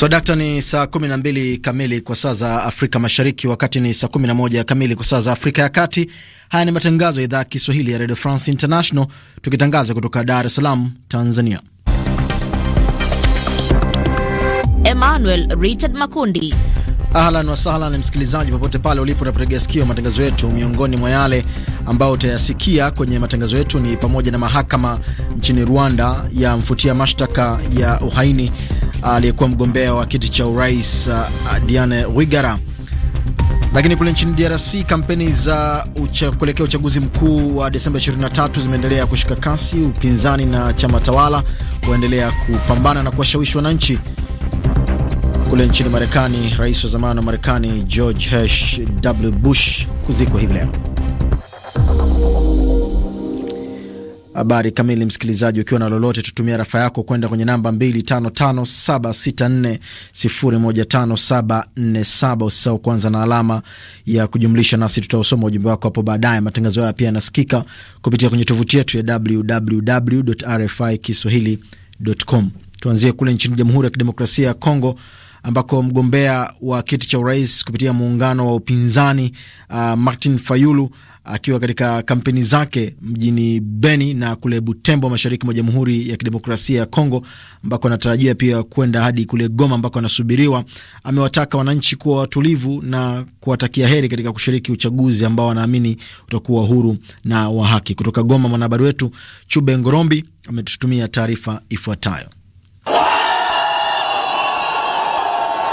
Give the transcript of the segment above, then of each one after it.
So dakta, ni saa 12 kamili kwa saa za Afrika Mashariki, wakati ni saa 11 kamili kwa saa za Afrika ya Kati. Haya ni matangazo ya idhaa Kiswahili ya Radio France International, tukitangaza kutoka Dar es Salaam, Tanzania. Emmanuel Richard Makundi. Ahlan wasahlan, msikilizaji popote pale ulipo unapotegea sikio matangazo yetu. Miongoni mwa yale ambayo utayasikia kwenye matangazo yetu ni pamoja na mahakama nchini Rwanda yamfutia mashtaka ya uhaini aliyekuwa mgombea wa kiti cha urais uh, Diane Wigara. Lakini kule nchini DRC kampeni za ucha, kuelekea uchaguzi mkuu wa Desemba 23 zimeendelea kushika kasi, upinzani na chama tawala kuendelea kupambana na kuwashawishi wananchi. Kule nchini Marekani, rais wa zamani wa Marekani George H. W. Bush kuzikwa hivi leo. habari kamili. Msikilizaji, ukiwa na lolote, tutumia rafa yako kwenda kwenye namba 255764015747. Usisahau kwanza na alama ya kujumlisha, nasi tutausoma ujumbe wako hapo baadaye. Matangazo haya pia yanasikika kupitia kwenye tovuti yetu ya www.rfikiswahili.com. Tuanzie kule nchini Jamhuri ya Kidemokrasia ya Kongo ambako mgombea wa kiti cha urais kupitia muungano wa upinzani uh, Martin Fayulu akiwa katika kampeni zake mjini Beni na kule Butembo, mashariki mwa Jamhuri ya Kidemokrasia ya Kongo, ambako anatarajia pia kwenda hadi kule Goma ambako anasubiriwa. Amewataka wananchi kuwa watulivu na kuwatakia heri katika kushiriki uchaguzi ambao anaamini utakuwa huru na wa haki. Kutoka Goma, mwanahabari wetu Chube Ngorombi ametutumia taarifa ifuatayo.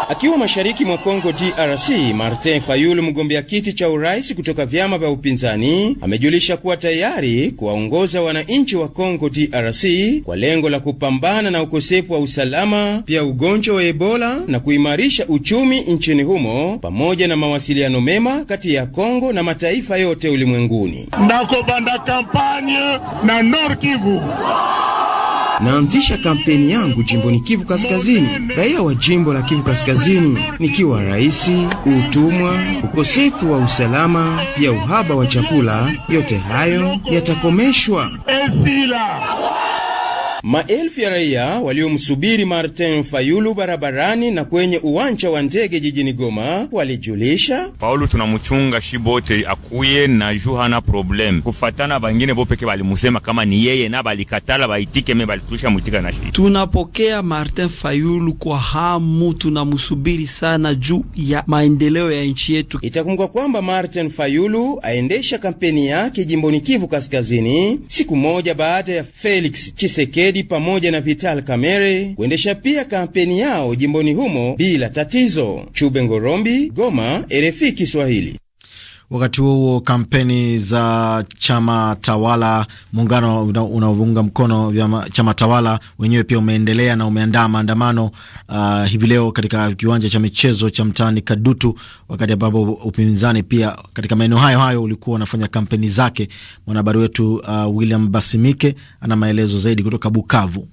Akiwa mashariki mwa Kongo DRC, Martin Fayulu, mgombea kiti cha urais kutoka vyama vya upinzani, amejulisha kuwa tayari kuwaongoza wananchi wa Kongo DRC kwa lengo la kupambana na ukosefu wa usalama, pia ugonjwa wa Ebola na kuimarisha uchumi nchini humo, pamoja na mawasiliano mema kati ya Kongo na mataifa yote ulimwenguni. Nako banda kampanye na Nord Kivu naanzisha kampeni yangu jimboni Kivu Kaskazini, raia wa jimbo la Kivu Kaskazini, nikiwa raisi, utumwa, ukosefu wa usalama, pia uhaba wa chakula, yote hayo yatakomeshwa. Maelfu ya raia waliomsubiri Martin Fayulu barabarani na kwenye uwanja wa ndege jijini Goma walijulisha Paulu tunamchunga shibote akuye na juhana hana problem kufatana, bangine bo peke balimusema kama ni yeye na balikatala baitike me balituisha mwitika na shi. Tunapokea Martin Fayulu kwa hamu, tunamusubiri sana juu ya maendeleo ya nchi yetu. Itakumbukwa kwamba Martin Fayulu aendesha kampeni yake jimboni Kivu Kaskazini siku moja baada ya Felix Chisekedi Tshisekedi pamoja na Vital Kamerhe kuendesha pia kampeni yao jimboni humo bila tatizo. Chube Ngorombi, Goma, RFI Kiswahili. Wakati huo huo, kampeni za chama tawala, muungano unaounga mkono chama tawala wenyewe pia umeendelea na umeandaa maandamano uh, hivi leo katika kiwanja cha michezo cha mtaani Kadutu, wakati ambapo upinzani pia katika maeneo hayo hayo ulikuwa unafanya kampeni zake. Mwanahabari wetu uh, William Basimike ana maelezo zaidi kutoka Bukavu.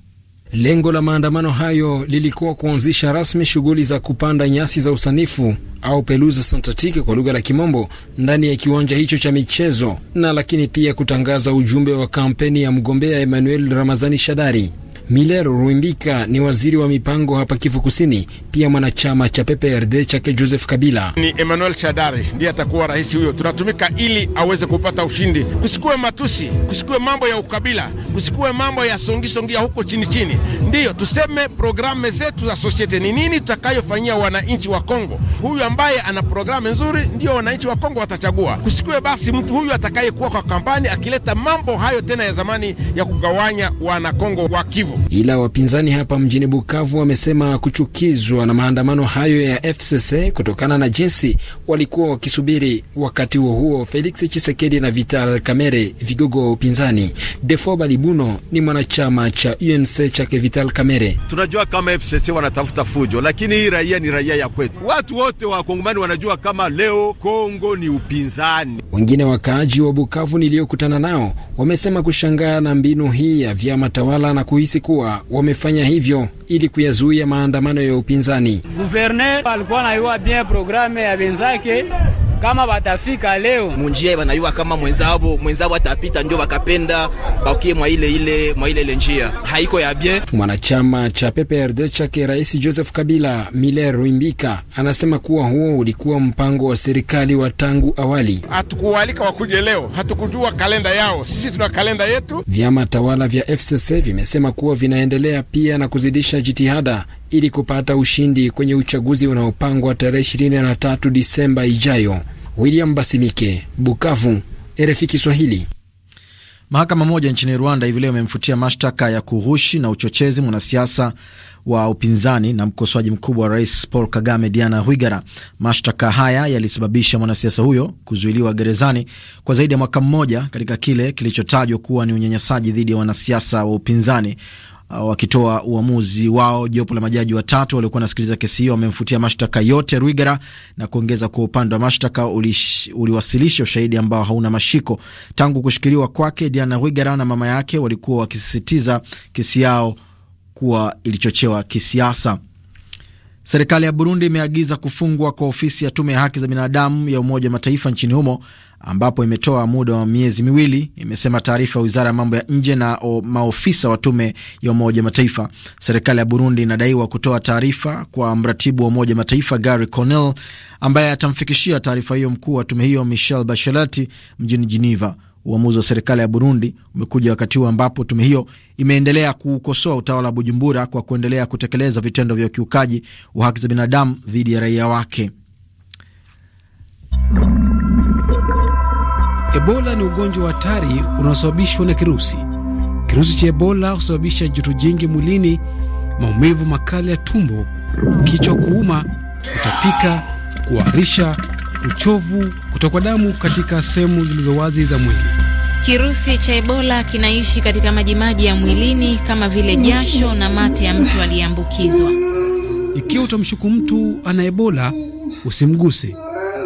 Lengo la maandamano hayo lilikuwa kuanzisha rasmi shughuli za kupanda nyasi za usanifu au pelusa santatike kwa lugha la Kimombo ndani ya kiwanja hicho cha michezo na lakini pia kutangaza ujumbe wa kampeni ya mgombea Emmanuel Ramazani Shadari. Miller Ruimbika ni waziri wa mipango hapa Kivu Kusini, pia mwanachama cha PPRD chake Joseph Kabila. Ni Emmanuel Shadari ndiye atakuwa rais huyo, tunatumika ili aweze kupata ushindi. Kusikuwe matusi, kusikuwe mambo ya ukabila, kusikuwe mambo ya songisongia huko chini chini. Ndiyo tuseme programe zetu za sosiete ni nini, tutakayofanyia wananchi wa Kongo. Huyu ambaye ana programe nzuri ndio wananchi wa Kongo watachagua. Kusikuwe basi mtu huyu atakayekuwa kwa kampani akileta mambo hayo tena ya zamani ya kugawanya wanakongo wa Kivu. Ila wapinzani hapa mjini Bukavu wamesema kuchukizwa na maandamano hayo ya FCC kutokana na jinsi walikuwa wakisubiri. Wakati huo huo, Felix Chisekedi na Vital Kamere, vigogo wa upinzani. Defo Balibuno ni mwanachama cha UNC chake Vital Kamere. Tunajua kama FCC wanatafuta fujo, lakini hii raia ni raia ya kwetu. Watu wote wa Kongomani wanajua kama leo Kongo ni upinzani. Wengine wakaaji wa Bukavu niliyokutana nao wamesema kushangaa na mbinu hii ya vyama tawala na kuhisi kuwa wamefanya hivyo ili kuyazuia maandamano ya upinzani. Guverner alikuwa anaiwa bien programe ya wenzake kama batafika leo munjia, banayua kama mwenzabo mwenzabo atapita, ndio bakapenda bakie mwa ile ile mwa ile ile njia haiko ya bien. Mwanachama cha PPRD chake Rais Joseph Kabila Miller Ruimbika anasema kuwa huo ulikuwa mpango wa serikali wa tangu awali. Hatukualika wakuje leo, hatukujua kalenda yao, sisi tuna kalenda yetu. Vyama tawala vya FCC vimesema kuwa vinaendelea pia na kuzidisha jitihada ili kupata ushindi kwenye uchaguzi unaopangwa tarehe 23 Disemba ijayo. William Basimike, Bukavu, RFI Kiswahili. Mahakama moja nchini Rwanda hivi leo imemfutia mashtaka ya kughushi na uchochezi mwanasiasa wa upinzani na mkosoaji mkubwa wa rais Paul Kagame, Diana Rwigara. Mashtaka haya yalisababisha mwanasiasa huyo kuzuiliwa gerezani kwa zaidi ya mwaka mmoja katika kile kilichotajwa kuwa ni unyanyasaji dhidi ya wanasiasa wa upinzani. Uh, wakitoa uamuzi wao. Jopo la majaji watatu waliokuwa wanasikiliza kesi hiyo wamemfutia mashtaka yote Rwigara na kuongeza kuwa upande wa mashtaka uliwasilisha ushahidi ambao hauna mashiko. Tangu kushikiliwa kwake, Diana Rwigara na mama yake walikuwa wakisisitiza kesi yao kuwa ilichochewa kisiasa. Serikali ya Burundi imeagiza kufungwa kwa ofisi ya tume ya haki za binadamu ya Umoja wa Mataifa nchini humo ambapo imetoa muda wa miezi miwili, imesema taarifa ya wizara ya mambo ya nje na o, maofisa wa tume ya Umoja Mataifa. Serikali ya Burundi inadaiwa kutoa taarifa kwa mratibu wa Umoja Mataifa Gary Connell ambaye atamfikishia taarifa hiyo mkuu wa tume hiyo Michel Bachelati mjini Geneva. Uamuzi wa serikali ya Burundi umekuja wakati huu ambapo tume hiyo imeendelea kuukosoa utawala wa Bujumbura kwa kuendelea kutekeleza vitendo vya ukiukaji wa haki za binadamu dhidi ya raia wake. Ebola ni ugonjwa wa hatari unaosababishwa na kirusi. Kirusi cha Ebola husababisha joto jingi mwilini, maumivu makali ya tumbo, kichwa kuuma, kutapika, kuharisha, uchovu, kutokwa damu katika sehemu zilizo wazi za mwili. Kirusi cha Ebola kinaishi katika majimaji ya mwilini kama vile jasho na mate ya mtu aliyeambukizwa. Ikiwa utamshuku mtu ana Ebola, usimguse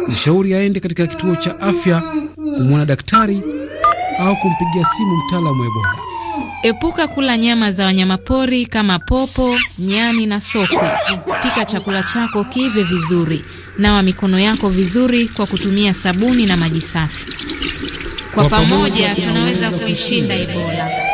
mshauri aende katika kituo cha afya kumwona daktari au kumpigia simu mtaalamu wa Ebola. Epuka kula nyama za wanyamapori kama popo, nyani na sokwe. Pika chakula chako kive vizuri. Nawa mikono yako vizuri kwa kutumia sabuni na maji safi. Kwa pamoja tunaweza kuishinda Ebola.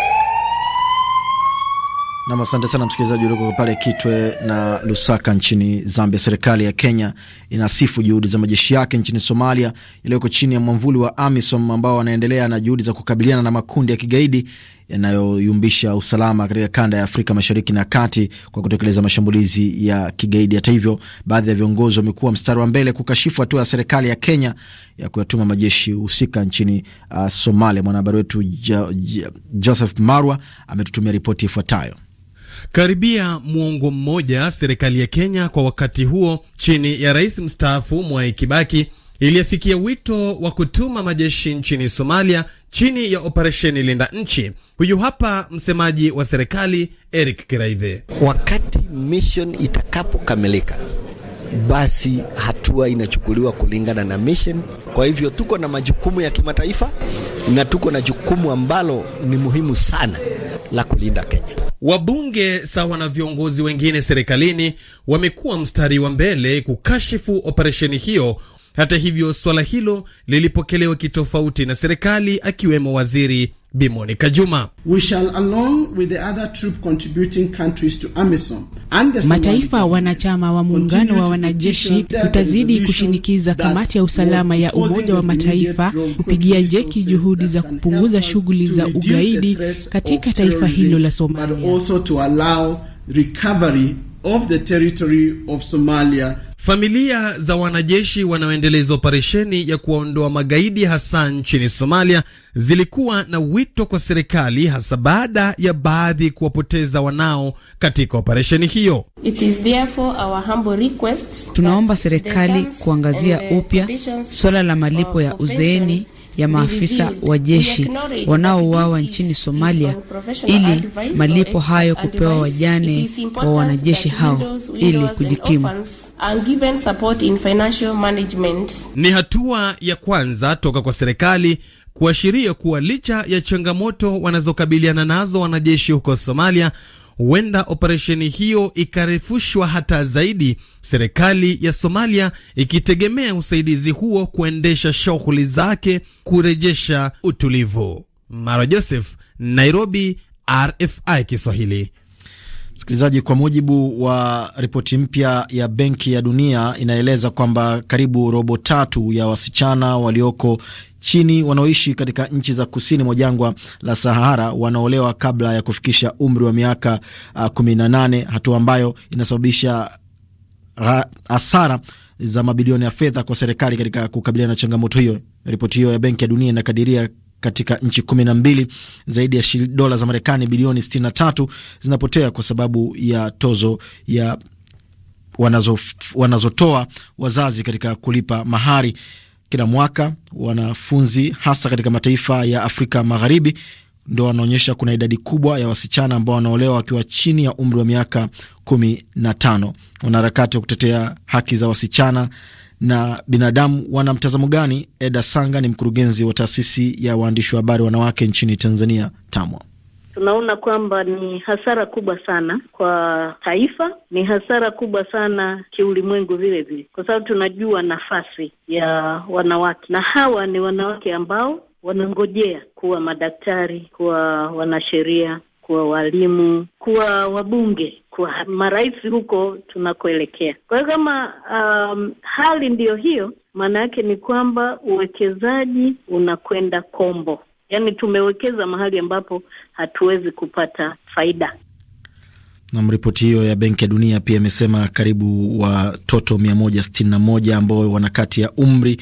Nam, asante sana msikilizaji ulioko pale Kitwe na Lusaka nchini Zambia. Serikali ya Kenya inasifu juhudi za majeshi yake nchini Somalia yaliyoko chini ya mwamvuli wa AMISOM ambao wanaendelea na juhudi za kukabiliana na makundi ya kigaidi yanayoyumbisha usalama katika kanda ya Afrika Mashariki na Kati kwa kutekeleza mashambulizi ya kigaidi. Hata hivyo, baadhi ya viongozi wamekuwa mstari wa mbele kukashifu hatua ya serikali ya Kenya ya kuyatuma majeshi husika nchini uh, Somalia. Mwanahabari wetu jo, jo, Joseph Marwa ametutumia ripoti ifuatayo. Karibia muongo mmoja, serikali ya Kenya kwa wakati huo chini ya rais mstaafu Mwai Kibaki iliyafikia wito wa kutuma majeshi nchini Somalia chini ya operesheni linda nchi. Huyu hapa msemaji wa serikali Eric Kiraithe. Wakati mission itakapokamilika, basi hatua inachukuliwa kulingana na mission. Kwa hivyo tuko na majukumu ya kimataifa na tuko na jukumu ambalo ni muhimu sana la kulinda Kenya. Wabunge sawa na viongozi wengine serikalini wamekuwa mstari wa mbele kukashifu operesheni hiyo. Hata hivyo, swala hilo lilipokelewa kitofauti na serikali, akiwemo waziri Bi Monica Juma. We shall along with the other troop contributing countries to AMISOM and the mataifa wanachama wa muungano wa wanajeshi tutazidi kushinikiza kamati ya usalama ya Umoja wa Mataifa kupigia jeki juhudi za kupunguza shughuli za ugaidi katika taifa hilo la Somalia of the territory of Somalia. Familia za wanajeshi wanaoendeleza operesheni ya kuwaondoa magaidi hasa nchini Somalia zilikuwa na wito kwa serikali hasa baada ya baadhi kuwapoteza wanao katika operesheni hiyo. It is therefore our humble request. Tunaomba serikali kuangazia upya suala la malipo ya uzeeni ya maafisa wa jeshi wanaouawa nchini Somalia ili malipo hayo kupewa wajane wa wanajeshi hao ili kujikimu. Ni hatua ya kwanza toka kwa serikali kuashiria kuwa licha ya changamoto wanazokabiliana nazo wanajeshi huko Somalia huenda operesheni hiyo ikarefushwa hata zaidi, serikali ya Somalia ikitegemea usaidizi huo kuendesha shughuli zake kurejesha utulivu. Mara Joseph, Nairobi, RFI Kiswahili. Msikilizaji, kwa mujibu wa ripoti mpya ya Benki ya Dunia inaeleza kwamba karibu robo tatu ya wasichana walioko chini wanaoishi katika nchi za kusini mwa jangwa la Sahara wanaolewa kabla ya kufikisha umri wa miaka kumi na nane, hatua ambayo inasababisha hasara za mabilioni ya fedha kwa serikali katika kukabiliana na changamoto hiyo. Ripoti hiyo ya Benki ya Dunia inakadiria katika nchi kumi na mbili Zaidi ya dola za Marekani bilioni 63 zinapotea kwa sababu ya tozo ya wanazo, wanazotoa wazazi katika kulipa mahari kila mwaka. Wanafunzi hasa katika mataifa ya Afrika Magharibi ndo wanaonyesha kuna idadi kubwa ya wasichana ambao wanaolewa wakiwa chini ya umri wa miaka kumi na tano Wanaharakati wa kutetea haki za wasichana na binadamu wana mtazamo gani? Eda Sanga ni mkurugenzi wa taasisi ya waandishi wa habari wanawake nchini Tanzania, TAMWA. Tunaona kwamba ni hasara kubwa sana kwa taifa, ni hasara kubwa sana kiulimwengu vile vile, kwa sababu tunajua nafasi ya wanawake, na hawa ni wanawake ambao wanangojea kuwa madaktari, kuwa wanasheria, kuwa walimu, kuwa wabunge, kuwa marais huko tunakoelekea. Kwa hiyo kama um, hali ndiyo hiyo, maana yake ni kwamba uwekezaji unakwenda kombo, yaani tumewekeza mahali ambapo hatuwezi kupata faida. Nam, ripoti hiyo ya Benki ya Dunia pia imesema karibu watoto 161 ambao wana kati ya umri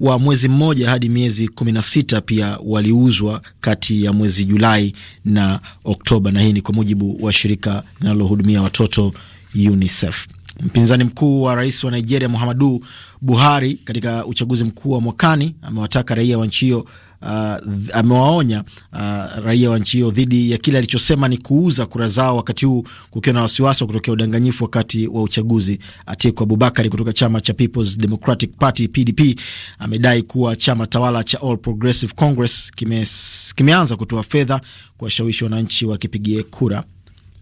wa mwezi mmoja hadi miezi 16 pia waliuzwa kati ya mwezi Julai na Oktoba, na hii ni kwa mujibu wa shirika linalohudumia watoto UNICEF. Mpinzani mkuu wa rais wa Nigeria Muhammadu Buhari katika uchaguzi mkuu wa mwakani amewataka raia wa nchi hiyo uh, amewaonya uh, raia wa nchi hiyo dhidi ya kile alichosema ni kuuza kura zao, wakati huu kukiwa na wasiwasi wa kutokea udanganyifu wakati wa uchaguzi. Atiku Abubakari kutoka chama cha People's Democratic Party PDP amedai kuwa chama tawala cha All Progressive Congress kime, kimeanza kutoa fedha kuwashawishi wananchi wakipigie kura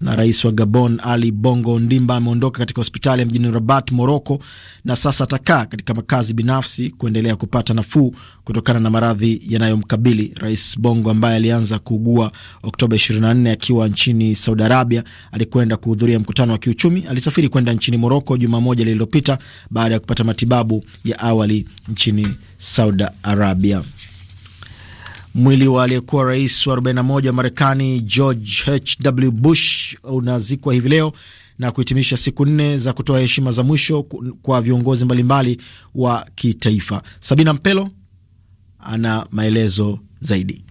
na rais wa Gabon Ali Bongo Ndimba ameondoka katika hospitali ya mjini Rabat, Moroko, na sasa atakaa katika makazi binafsi kuendelea kupata nafuu kutokana na maradhi yanayomkabili. Rais Bongo ambaye alianza kuugua Oktoba 24 akiwa nchini Saudi Arabia alikwenda kuhudhuria mkutano wa kiuchumi, alisafiri kwenda nchini Moroko juma moja lililopita baada ya kupata matibabu ya awali nchini Saudi Arabia. Mwili wa aliyekuwa rais wa 41 wa Marekani George HW Bush unazikwa hivi leo na kuhitimisha siku nne za kutoa heshima za mwisho kwa viongozi mbalimbali wa kitaifa. Sabina Mpelo ana maelezo zaidi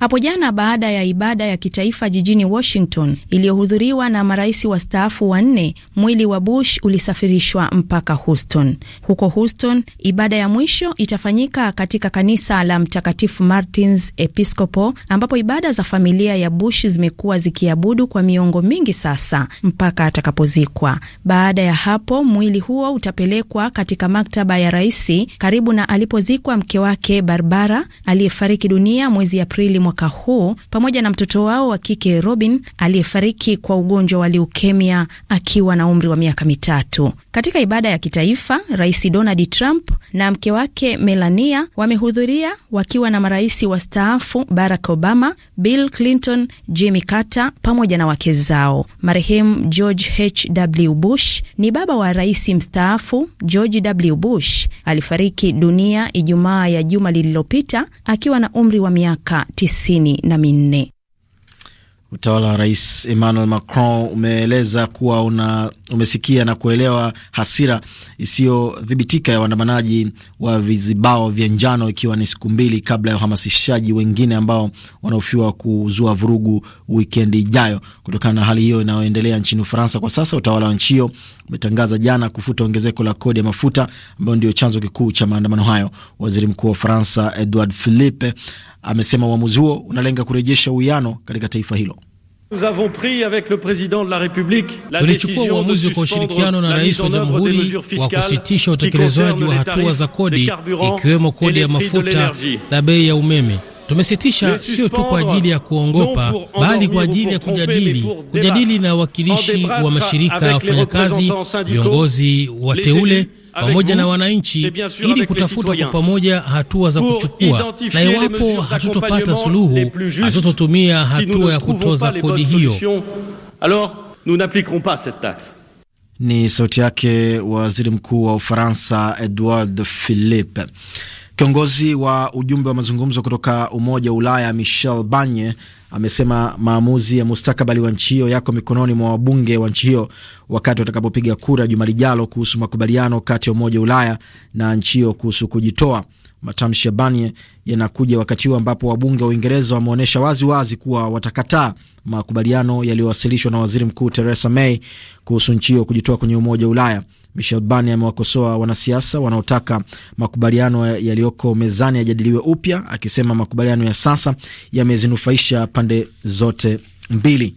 hapo jana baada ya ibada ya kitaifa jijini Washington iliyohudhuriwa na marais wastaafu wanne. Mwili wa Bush ulisafirishwa mpaka Houston. Huko Houston, ibada ya mwisho itafanyika katika kanisa la Mtakatifu Martins Episcopo, ambapo ibada za familia ya Bush zimekuwa zikiabudu kwa miongo mingi sasa mpaka atakapozikwa. Baada ya hapo, mwili huo utapelekwa katika maktaba ya raisi karibu na alipozikwa mke wake Barbara aliyefariki dunia mwezi Aprili mwaka huu pamoja na mtoto wao wa kike Robin aliyefariki kwa ugonjwa wa liukemia akiwa na umri wa miaka mitatu. Katika ibada ya kitaifa, Rais Donald Trump na mke wake Melania wamehudhuria wakiwa na marais wastaafu Barack Obama, Bill Clinton, Jimmy Carter pamoja na wake zao. Marehemu George H.W. Bush ni baba wa rais mstaafu George W. Bush alifariki dunia Ijumaa ya juma lililopita akiwa na umri wa miaka 90 hamsini na minne. Utawala wa Rais Emmanuel Macron umeeleza kuwa una umesikia na kuelewa hasira isiyodhibitika ya waandamanaji wa vizibao vya njano, ikiwa ni siku mbili kabla ya uhamasishaji wengine ambao wanaofiwa kuzua vurugu wikendi ijayo. Kutokana na hali hiyo inayoendelea nchini Ufaransa kwa sasa, utawala wa nchi hiyo umetangaza jana kufuta ongezeko la kodi ya mafuta ambayo ndio chanzo kikuu cha maandamano hayo. Waziri Mkuu wa Ufaransa Edward Philippe amesema uamuzi huo unalenga kurejesha uwiano katika taifa hilo. Nous avons pris avec le président de la République la tulichukua uamuzi kwa ushirikiano na rais wa jamhuri wa kusitisha utekelezaji wa hatua za kodi ikiwemo kodi ya mafuta na bei ya umeme. Tumesitisha sio tu kwa ajili ya kuongopa, bali kwa ajili ya kujadili kujadili na wakilishi wa mashirika ya wafanyakazi, viongozi wateule pamoja na wananchi ili kutafuta kwa pamoja hatua za kuchukua, na iwapo hatutopata suluhu, hatutotumia hatua ya kutoza kodi hiyo. Alors, nous n'appliquerons pas cette taxe. Ni sauti yake Waziri Mkuu wa Ufaransa Edouard Philippe. Kiongozi wa ujumbe wa mazungumzo kutoka Umoja wa Ulaya Michel Barnier amesema maamuzi ya mustakabali wa nchi hiyo yako mikononi mwa wabunge wa nchi hiyo wakati watakapopiga kura juma lijalo kuhusu makubaliano kati ya Umoja wa Ulaya na nchi hiyo kuhusu kujitoa. Matamshi ya Barnier yanakuja wakati huu ambapo wabunge wa Uingereza wameonyesha wazi wazi kuwa watakataa makubaliano yaliyowasilishwa na waziri mkuu Theresa May kuhusu nchi hiyo kujitoa kwenye Umoja wa Ulaya. Michel Bani amewakosoa wanasiasa wanaotaka makubaliano yaliyoko mezani yajadiliwe upya, akisema makubaliano ya sasa yamezinufaisha pande zote mbili.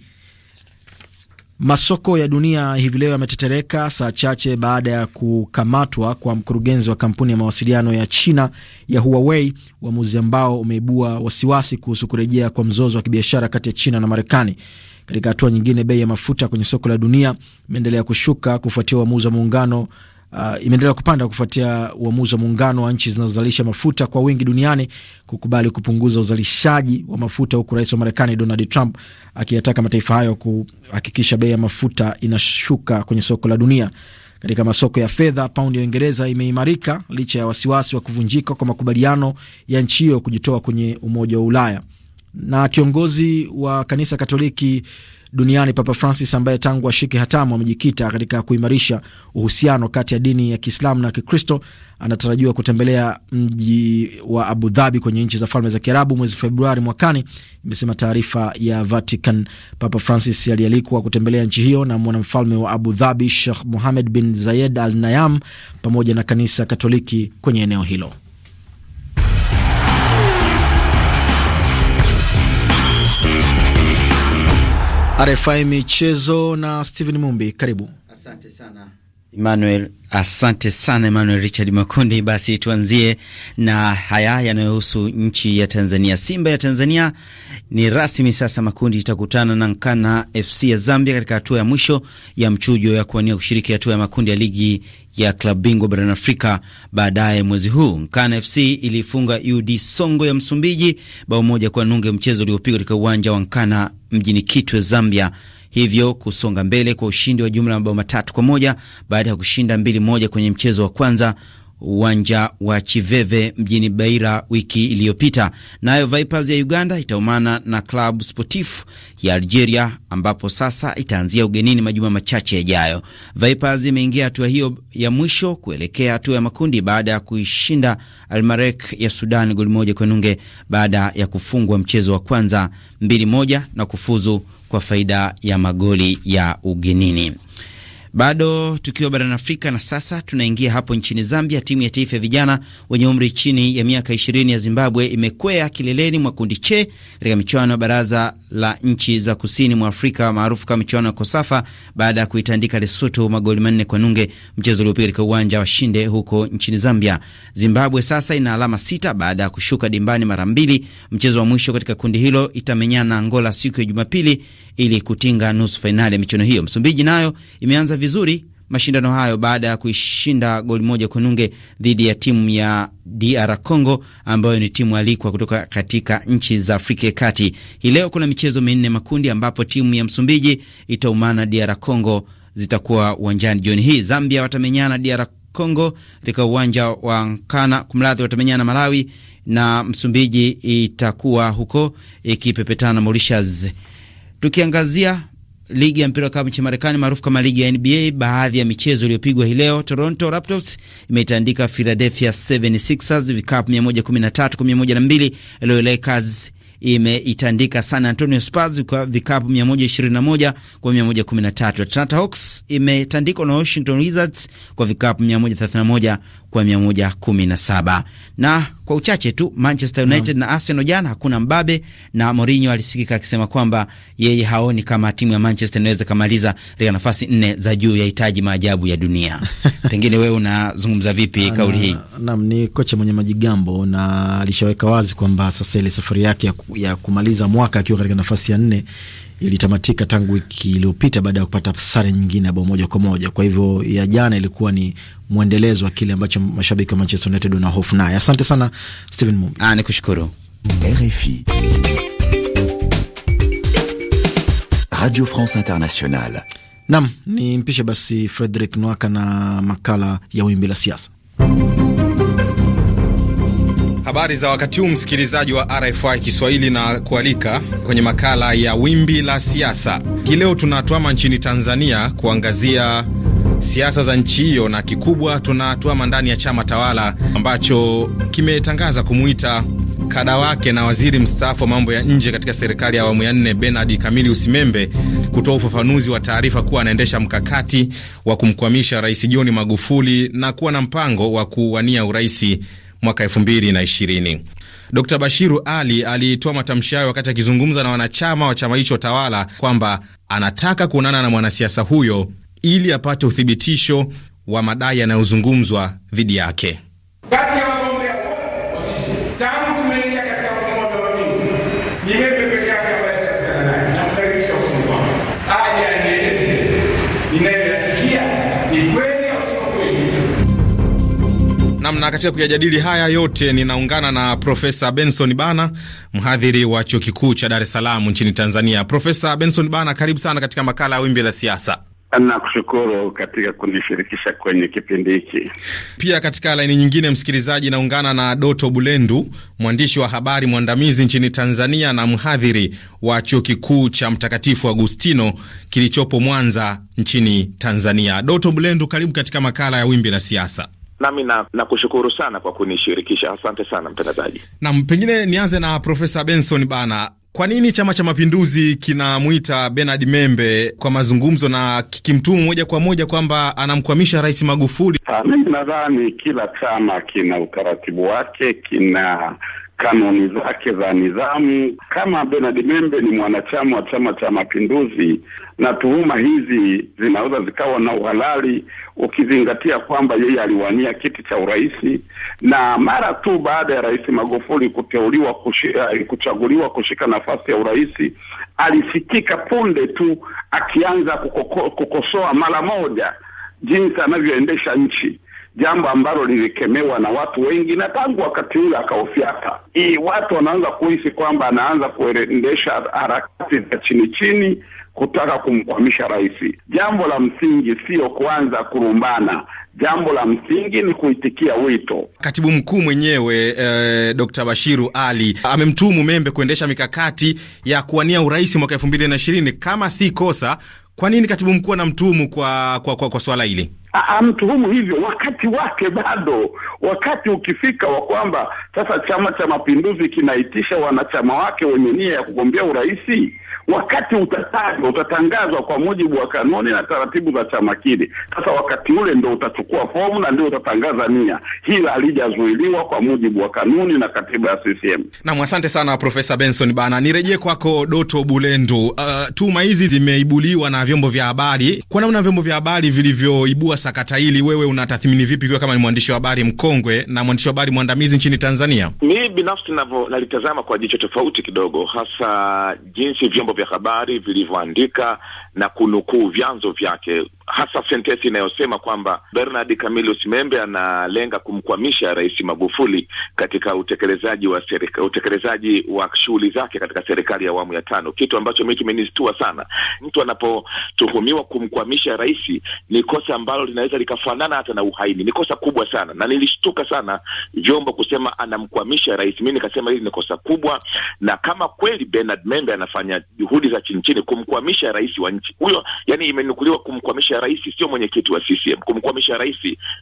Masoko ya dunia hivi leo yametetereka saa chache baada ya kukamatwa kwa mkurugenzi wa kampuni ya mawasiliano ya China ya Huawei, uamuzi ambao umeibua wasiwasi kuhusu kurejea kwa mzozo wa kibiashara kati ya China na Marekani. Katika hatua nyingine, bei ya mafuta kwenye soko la dunia imeendelea kushuka kufuatia uamuzi wa muungano Uh, imeendelea kupanda kufuatia uamuzi wa muungano wa nchi zinazozalisha mafuta kwa wingi duniani kukubali kupunguza uzalishaji wa mafuta huku rais wa Marekani Donald Trump akiyataka mataifa hayo kuhakikisha bei ya mafuta inashuka kwenye soko la dunia. Katika masoko ya fedha, paundi ya Uingereza imeimarika licha ya wasiwasi wa kuvunjika kwa makubaliano ya nchi hiyo kujitoa kwenye Umoja wa Ulaya na kiongozi wa kanisa Katoliki duniani Papa Francis ambaye tangu ashike hatamu amejikita katika kuimarisha uhusiano kati ya dini ya Kiislamu na Kikristo anatarajiwa kutembelea mji wa Abu Dhabi kwenye nchi za Falme za Kiarabu mwezi Februari mwakani, imesema taarifa ya Vatican. Papa Francis alialikwa kutembelea nchi hiyo na mwanamfalme wa Abu Dhabi Sheikh Mohammed bin Zayed Al Nayam pamoja na kanisa Katoliki kwenye eneo hilo. RFI Michezo na Steven Mumbi, karibu. Asante sana Emmanuel. Asante sana Emmanuel Richard Makundi. Basi tuanzie na haya yanayohusu nchi ya Tanzania. Simba ya Tanzania ni rasmi sasa, Makundi itakutana na Nkana FC ya Zambia katika hatua ya mwisho ya mchujo ya kuwania kushiriki hatua ya makundi ya ligi ya klabu bingwa barani Afrika baadaye mwezi huu. Nkana FC ilifunga UD Songo ya Msumbiji bao moja kwa nunge, mchezo uliopigwa katika uwanja wa Nkana mjini Kitwe, Zambia, hivyo kusonga mbele kwa ushindi wa jumla ya mabao matatu kwa moja baada ya kushinda mbili moja kwenye mchezo wa kwanza uwanja wa Chiveve mjini Beira wiki iliyopita. Nayo Vipers ya Uganda itaumana na Club Sportif ya Algeria ambapo sasa itaanzia ugenini majuma machache yajayo. Vipers imeingia hatua hiyo ya mwisho kuelekea hatua ya makundi baada ya kuishinda Almarek ya Sudan goli moja kwa nunge baada ya kufungwa mchezo wa kwanza mbili moja na kufuzu kwa faida ya magoli ya ugenini. Bado tukiwa barani Afrika na sasa tunaingia hapo nchini Zambia. Timu ya taifa ya vijana wenye umri chini ya miaka 20 ya Zimbabwe imekwea kileleni mwa kundi che katika michuano ya baraza la nchi za kusini mwa Afrika maarufu kama michuano ya Kosafa baada ya kuitandika Lesotho magoli manne kwa nunge, mchezo uliopigwa katika uwanja wa Shinde huko nchini Zambia. Zimbabwe sasa ina alama sita baada ya kushuka dimbani mara mbili. Mchezo wa mwisho katika kundi hilo itamenyana Angola siku ya Jumapili ili kutinga nusu fainali ya michuano hiyo. Msumbiji nayo imeanza vizuri mashindano hayo baada ya kuishinda goli moja nunge dhidi ya timu ya DR Congo ambayo ni timu alikwa kutoka katika nchi za Afrika ya Kati. Hii leo kuna michezo minne makundi ambapo timu ya Msumbiji itaumana DR Congo, zitakuwa uwanjani jioni hii. Zambia watamenyana DR Congo katika uwanja wa Nkana, kumradhi, watamenyana Malawi na Msumbiji itakuwa huko ikipepetana Mauritius. Tukiangazia ligi ya mpira wa kikapu nchini Marekani maarufu kama ligi ya NBA, baadhi ya michezo iliyopigwa hii leo, Toronto Raptors imeitandika Philadelphia 76ers vikapu 113 kwa 102. LA Lakers imeitandika San Antonio Spurs kwa vikapu 121 kwa 113. Atlanta Hawks imetandikwa na Washington Wizards kwa vikapu 131 kwa 117 na kwa uchache tu Manchester United no. na Arsenal jana hakuna mbabe, na Mourinho alisikika akisema kwamba yeye haoni kama timu ya Manchester inaweza kamaliza katika nafasi nne za juu ya hitaji maajabu ya dunia. Pengine wewe unazungumza vipi kauli hii? Naam, ni kocha mwenye majigambo na alishaweka wazi kwamba sasa ile safari yake ya kumaliza mwaka akiwa katika nafasi ya nne ilitamatika tangu wiki iliyopita baada ya kupata sare nyingine ya bao moja kwa moja. Kwa hivyo ya jana ilikuwa ni mwendelezo wa kile ambacho mashabiki wa Manchester United wana hofu naye. Asante sana Steven Mumbi. Ah, nikushukuru. RFI Radio France Internationale. Nam ni mpishe basi Frederick Nwaka na makala ya wimbi la siasa Habari za wakati huu, msikilizaji wa RFI Kiswahili, na kualika kwenye makala ya wimbi la siasa. Hii leo tunatwama nchini Tanzania kuangazia siasa za nchi hiyo, na kikubwa tunatwama ndani ya chama tawala ambacho kimetangaza kumwita kada wake na waziri mstaafu wa mambo ya nje katika serikali ya awamu ya nne Bernard Kamili Usimembe kutoa ufafanuzi wa taarifa kuwa anaendesha mkakati wa kumkwamisha Rais John Magufuli na kuwa na mpango wa kuwania uraisi mwaka 2020. Dr Bashiru Ali alitoa matamshi hayo wakati akizungumza na wanachama wa chama hicho tawala kwamba anataka kuonana na mwanasiasa huyo ili apate uthibitisho wa madai yanayozungumzwa dhidi yake. namna. katika kuyajadili haya yote ninaungana na Profesa Benson Bana, mhadhiri wa chuo kikuu cha Dar es Salaam nchini Tanzania. Profesa Benson Bana, karibu sana katika makala ya Wimbi la Siasa. Nakushukuru katika kunishirikisha kwenye kipindi hiki. Pia katika laini nyingine, msikilizaji, naungana na Doto Bulendu, mwandishi wa habari mwandamizi nchini Tanzania na mhadhiri wa chuo kikuu cha Mtakatifu Agustino kilichopo Mwanza nchini Tanzania. Doto Bulendu, karibu katika makala ya Wimbi la Siasa nami na, na kushukuru sana kwa kunishirikisha. Asante sana mtangazaji. Nam, pengine nianze na Profesa Benson bana kwa nini Chama cha Mapinduzi kinamwita Bernard Membe kwa mazungumzo na kikimtumu moja kwa moja kwamba anamkwamisha Rais Magufuli? Ah, mimi nadhani kila chama kina utaratibu wake, kina kanuni zake za nidhamu. Kama Bernard Membe ni mwanachama wa Chama cha Mapinduzi, na tuhuma hizi zinaweza zikawa na uhalali ukizingatia kwamba yeye aliwania kiti cha urais na mara tu baada ya Rais Magufuli kuteuliwa kushi, eh, kuchaguliwa kushika nafasi ya urais alisikika punde tu akianza kukoko, kukosoa mara moja jinsi anavyoendesha nchi jambo ambalo lilikemewa na watu wengi, na tangu wakati ule akaofyata hii, watu wanaanza kuhisi kwamba anaanza kuendesha harakati za chini chini kutaka kumkwamisha rais. Jambo la msingi siyo kuanza kurumbana, jambo la msingi ni kuitikia wito. Katibu mkuu mwenyewe eh, Dr. Bashiru Ali amemtumu Membe kuendesha mikakati ya kuwania urais mwaka elfu mbili na ishirini. Kama si kosa, kwa nini katibu mkuu anamtumu kwa, kwa, kwa, kwa swala hili? amtuhumu hivyo wakati wake bado, wakati ukifika wa kwamba sasa Chama cha Mapinduzi kinaitisha wanachama wake wenye nia ya kugombea urais, wakati utatajwa, utatangazwa kwa mujibu wa kanuni na taratibu za chama kile. Sasa wakati ule ndo utachukua fomu na ndio utatangaza nia. Hila halijazuiliwa kwa mujibu wa kanuni na katiba ya CCM. Naam, asante sana Profesa Benson Bana. Nirejee kwako Doto Bulendo. Uh, tuma hizi zimeibuliwa na vyombo vya habari, kwa namna vyombo vya habari vilivyoibua sakata hili, wewe unatathmini vipi, ikiwa kama ni mwandishi wa habari mkongwe na mwandishi wa habari mwandamizi nchini Tanzania? mi binafsi nalitazama kwa jicho tofauti kidogo, hasa jinsi vyombo vya habari vilivyoandika na kunukuu vyanzo vyake hasa sentensi inayosema kwamba Bernard Kamilus Membe analenga kumkwamisha Rais Magufuli katika utekelezaji wa serika, utekelezaji wa shughuli zake katika serikali ya awamu ya tano, kitu ambacho mi kimenistua sana. Mtu anapotuhumiwa kumkwamisha rais, ni kosa ambalo linaweza likafanana hata na uhaini. Ni kosa kubwa sana, na nilishtuka sana vyombo kusema anamkwamisha rais. mii nikasema hili ni kosa kubwa, na kama kweli Bernard Membe anafanya juhudi za chini chini kumkwamisha rais wa nchi huyo, yani imenukuliwa kumkwamisha rais sio mwenyekiti wa CCM. Kumkwamisha rais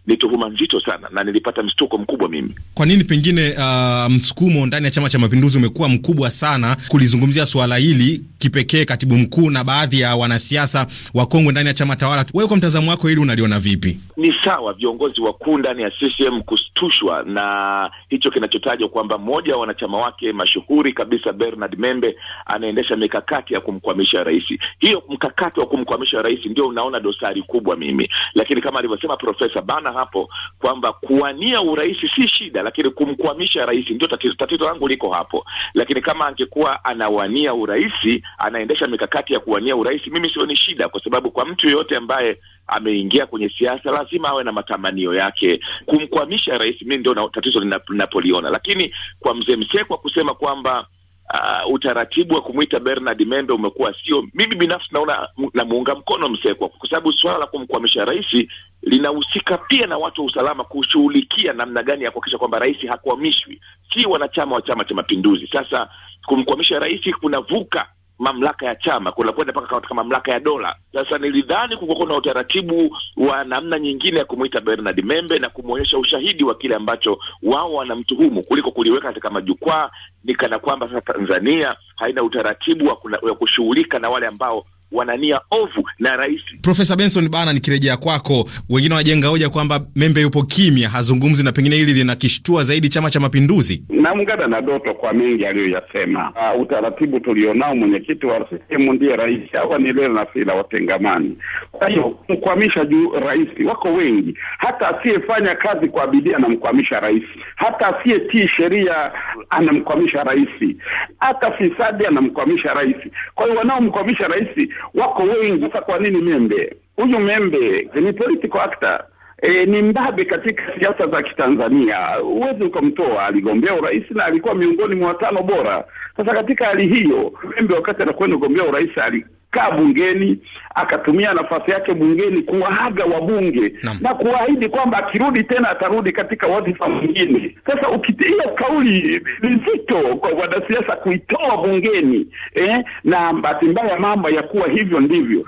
ni tuhuma nzito sana, na nilipata mshtuko mkubwa mimi. Kwa nini pengine uh, msukumo ndani ya Chama cha Mapinduzi umekuwa mkubwa sana kulizungumzia suala hili kipekee, katibu mkuu na baadhi ya wanasiasa wakongwe ndani ya chama tawala? Wewe kwa mtazamo wako hili unaliona vipi? Ni sawa viongozi wakuu ndani ya CCM kustushwa na hicho kinachotajwa kwamba mmoja wa wanachama wake mashuhuri kabisa Bernard Membe anaendesha mikakati ya kumkwamisha rais. Hiyo mkakati wa kumkwamisha rais ndio unaona dosari hatari kubwa mimi, lakini kama alivyosema Profesa Bana hapo kwamba kuwania urais si shida, lakini kumkwamisha rais ndio tatizo. Tatizo langu liko hapo, lakini kama angekuwa anawania urais, anaendesha mikakati ya kuwania urais, mimi sioni shida, kwa sababu kwa mtu yoyote ambaye ameingia kwenye siasa lazima awe na matamanio yake. Kumkwamisha rais, mimi ndio tatizo linapoliona, lakini kwa mzee Msekwa kusema kwamba uh, utaratibu wa kumwita Bernard mendo umekuwa sio, mimi binafsi naona namuunga mkono Msekwa kwa sababu swala la kumkwamisha rais linahusika pia na watu wa usalama kushughulikia namna gani ya kuhakikisha kwamba rais hakwamishwi, si wanachama wa Chama cha Mapinduzi. Sasa kumkwamisha rais kunavuka mamlaka ya chama, kunakwenda mpaka katika mamlaka ya dola. Sasa nilidhani kukuwa kuna utaratibu wa namna nyingine ya kumwita Bernard Membe na kumwonyesha ushahidi wa kile ambacho wao wanamtuhumu kuliko kuliweka katika majukwaa, ni kana kwamba sasa Tanzania haina utaratibu wa, wa kushughulika na wale ambao wanania ovu na rais. Profesa Benson Bana, nikirejea kwako, wengine wanajenga hoja kwamba Membe yupo kimya, hazungumzi na pengine hili linakishtua zaidi Chama cha Mapinduzi. Naungana na Doto kwa mengi aliyoyasema. Uh, utaratibu tulionao, mwenyekiti wa CCM ndiye rais, hawa ni lenafii la watengamani. Kwa hiyo mkwamisha juu rais wako wengi, hata asiyefanya kazi kwa bidii anamkwamisha rais, hata asiyetii sheria anamkwamisha rais, hata fisadi anamkwamisha rais. Kwa hiyo wanaomkwamisha rais wako wengi. Sasa kwa nini membe? Huyu membe ni political actor. E, ni mbabe katika siasa za Kitanzania, huwezi ukamtoa. Aligombea urais na alikuwa miongoni mwa tano bora. Sasa katika hali hiyo, Membe wakati anakwenda kugombea urais kaa bungeni akatumia nafasi yake bungeni kuwaaga wabunge no. na kuahidi kwamba akirudi tena atarudi katika wadhifa mwingine. Sasa hiyo kauli nzito kwa wanasiasa kuitoa bungeni eh, na bahati mbaya mambo ya kuwa hivyo ndivyo.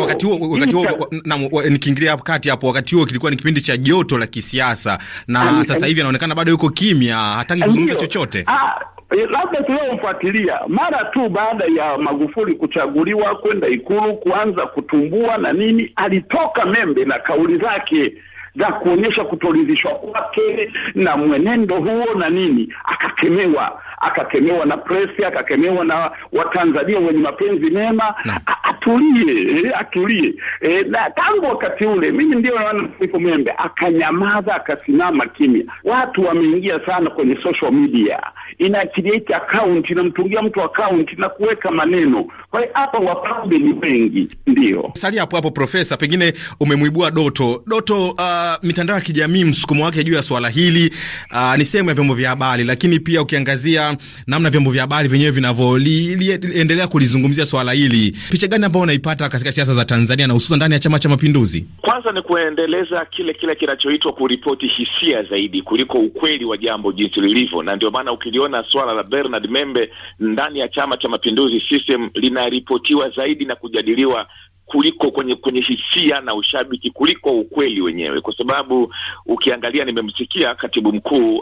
Wakati huo wakati huo nikiingilia hapo kati hapo, wakati huo kilikuwa ni kipindi cha joto la kisiasa, na sasa hivi anaonekana bado yuko kimya, hataki kuzungumza chochote. A, ah, Eh, labda tunayomfuatilia mara tu baada ya Magufuli kuchaguliwa kwenda Ikulu kuanza kutumbua na nini, alitoka Membe na kauli zake za kuonyesha kutoridhishwa kwake na mwenendo huo na nini, akakemewa akakemewa na presi, akakemewa na Watanzania wenye mapenzi mema. Atulie, eh, atulie. E, na tangu wakati ule mimi ndio naona Sifu Membe akanyamaza, akasimama kimya. Watu wameingia sana kwenye social media ina create account inamtungia mtu account na kuweka maneno. Kwa hiyo hapa wapambe ni wengi, ndio sali hapo hapo. Profesa, pengine umemwibua Doto Doto. Uh, mitandao ya kijamii msukumo wake juu ya swala hili uh, ni sehemu ya vyombo vya habari, lakini pia ukiangazia namna vyombo vya habari vyenyewe vinavyoendelea kulizungumzia swala hili, picha gani ambayo unaipata katika siasa za Tanzania na hususan ndani ya Chama cha Mapinduzi? Kwanza ni kuendeleza kile kile kinachoitwa kuripoti hisia zaidi kuliko ukweli wa jambo jinsi lilivyo, na ndio maana ukilio tunaliona swala la Bernard Membe ndani ya Chama cha Mapinduzi system linaripotiwa zaidi na kujadiliwa kuliko kwenye kwenye hisia na ushabiki kuliko ukweli wenyewe, kwa sababu ukiangalia, nimemsikia katibu mkuu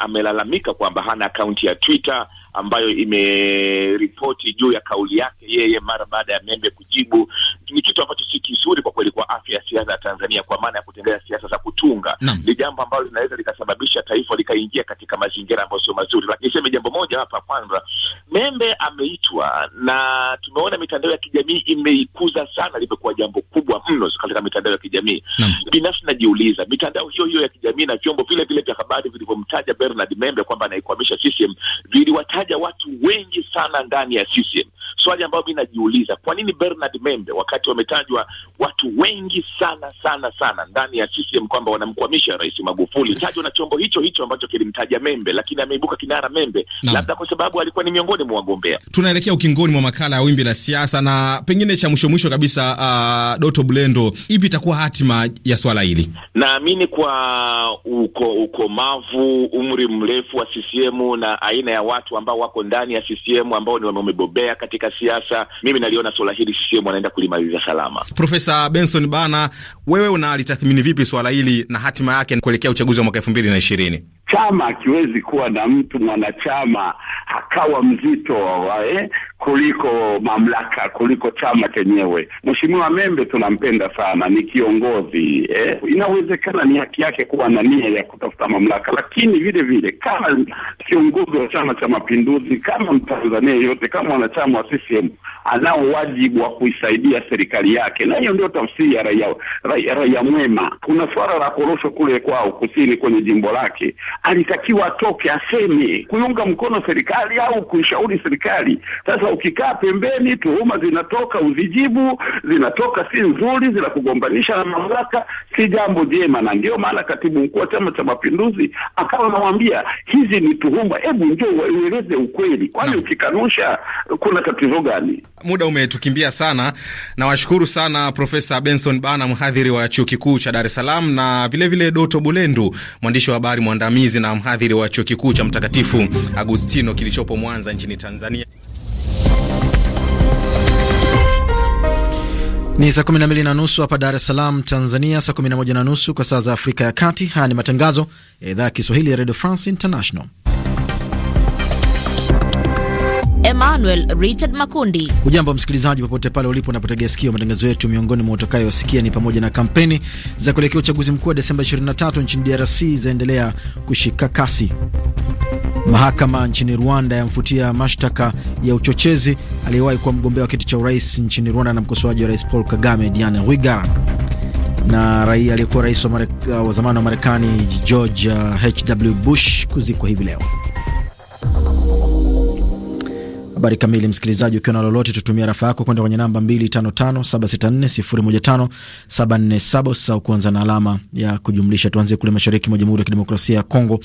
amelalamika kwamba hana akaunti ya Twitter ambayo imeripoti juu ya kauli yake yeye mara baada ya Membe kujibu. Ni kitu ambacho si kizuri kwa kweli kwa afya ya siasa ya Tanzania, kwa maana ya kutendelea siasa za kutunga. Ni jambo ambalo linaweza likasababisha taifa likaingia katika mazingira ambayo sio mazuri. Lakini seme jambo moja hapa, kwanza Membe ameitwa na tumeona mitandao ya kijamii imeikuza sana, limekuwa jambo kubwa mno katika mitandao ya kijamii. Binafsi najiuliza mitandao hiyo hiyo ya kijamii na vyombo vile vile vya habari vilivyomtaja Bernard Membe kwamba anaikwamisha viliwataja wametaja watu wengi sana ndani ya CCM swali ambayo mi najiuliza, kwa nini Bernard Membe, wakati wametajwa watu wengi sana sana sana ndani ya CCM kwamba wanamkwamisha Rais Magufuli, tajwa na chombo hicho hicho ambacho kilimtaja Membe, lakini ameibuka kinara Membe, labda kwa sababu alikuwa ni miongoni mwa wagombea. Tunaelekea ukingoni mwa makala ya Wimbi la Siasa, na pengine cha mwisho mwisho kabisa, uh, Doto Blendo, ipi itakuwa hatima ya swala hili? Naamini kwa uko ukomavu, umri mrefu wa CCM na aina ya watu ambao wako ndani ya CCM ambao ni wamebobea katika siasa, mimi naliona swala hili CCM anaenda kulimaliza salama. Profesa Benson Bana, wewe unalitathmini vipi swala hili na hatima yake kuelekea uchaguzi wa mwaka elfu mbili na ishirini? chama akiwezi kuwa na mtu mwanachama akawa mzito eh, kuliko mamlaka kuliko chama chenyewe. Mheshimiwa Membe tunampenda sana, ni kiongozi eh. Inawezekana ni haki yake kuwa na nia ya kutafuta mamlaka, lakini vile vile kama kiongozi wa Chama cha Mapinduzi, kama Mtanzania yote, kama mwanachama wa CCM, anao wajibu wa kuisaidia serikali yake, na hiyo ndio tafsiri ya raia, raia, raia mwema. Kuna suala la korosho kule kwao kusini kwenye jimbo lake alitakiwa atoke aseme kuiunga mkono serikali au kuishauri serikali. Sasa ukikaa pembeni, tuhuma zinatoka, uzijibu zinatoka, si nzuri, zinakugombanisha na mamlaka, si jambo jema. Na ndio maana katibu mkuu wa Chama cha Mapinduzi akawa anamwambia hizi ni tuhuma, hebu njoo ueleze ukweli, kwani ukikanusha kuna tatizo gani? Muda umetukimbia sana. Nawashukuru sana Profesa Benson Bana, mhadhiri wa chuo kikuu cha Dar es Salaam, na vilevile vile Doto Bulendu, mwandishi wa habari mwandamizi msimamizi na mhadhiri wa chuo kikuu cha Mtakatifu Agustino kilichopo Mwanza nchini Tanzania. Ni saa 12 na nusu hapa Dar es Salaam, Tanzania, saa 11 na nusu kwa saa za Afrika ya Kati. Haya ni matangazo ya idhaa ya Kiswahili ya Radio France International. Emmanuel Richard Makundi. Ujambo msikilizaji, popote pale ulipo unapotega sikio matangazo yetu. Miongoni mwa utakayoyasikia ni pamoja na kampeni za kuelekea uchaguzi mkuu wa Desemba 23 nchini DRC zaendelea kushika kasi. Mahakama nchini Rwanda yamfutia mashtaka ya uchochezi aliyewahi kuwa mgombea wa kiti cha urais nchini Rwanda na mkosoaji wa rais Paul Kagame, Diane Rwigara na raia aliyekuwa rais wa, wa zamani wa Marekani George hw Bush kuzikwa hivi leo habari kamili. Msikilizaji, ukiwa na lolote, tutumia rafa yako kwenda kwenye namba 255764015747 usisahau kuanza na alama ya kujumlisha. Tuanzie kule mashariki mwa Jamhuri ya Kidemokrasia ya Kongo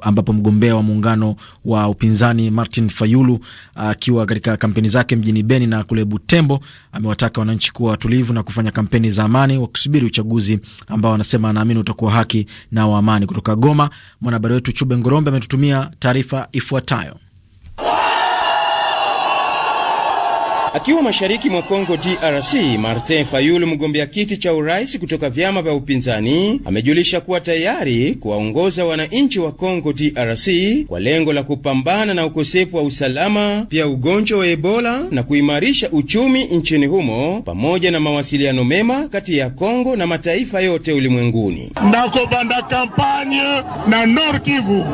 ambapo mgombea wa muungano wa upinzani Martin Fayulu akiwa katika kampeni zake mjini Beni na kule Butembo amewataka wananchi kuwa watulivu na kufanya kampeni za amani wakisubiri uchaguzi ambao anasema anaamini utakuwa haki na wa amani. Kutoka Goma, mwanahabari wetu Chube Ngorombe ametutumia taarifa ifuatayo. Akiwa mashariki mwa Kongo DRC, Martin Fayulu, mgombea kiti cha urais kutoka vyama vya upinzani, amejulisha kuwa tayari kuwaongoza wananchi wa Kongo DRC kwa lengo la kupambana na ukosefu wa usalama, pia ugonjwa wa Ebola na kuimarisha uchumi nchini humo, pamoja na mawasiliano mema kati ya Kongo na mataifa yote ulimwenguni. Nako banda kampanye na Nord Kivu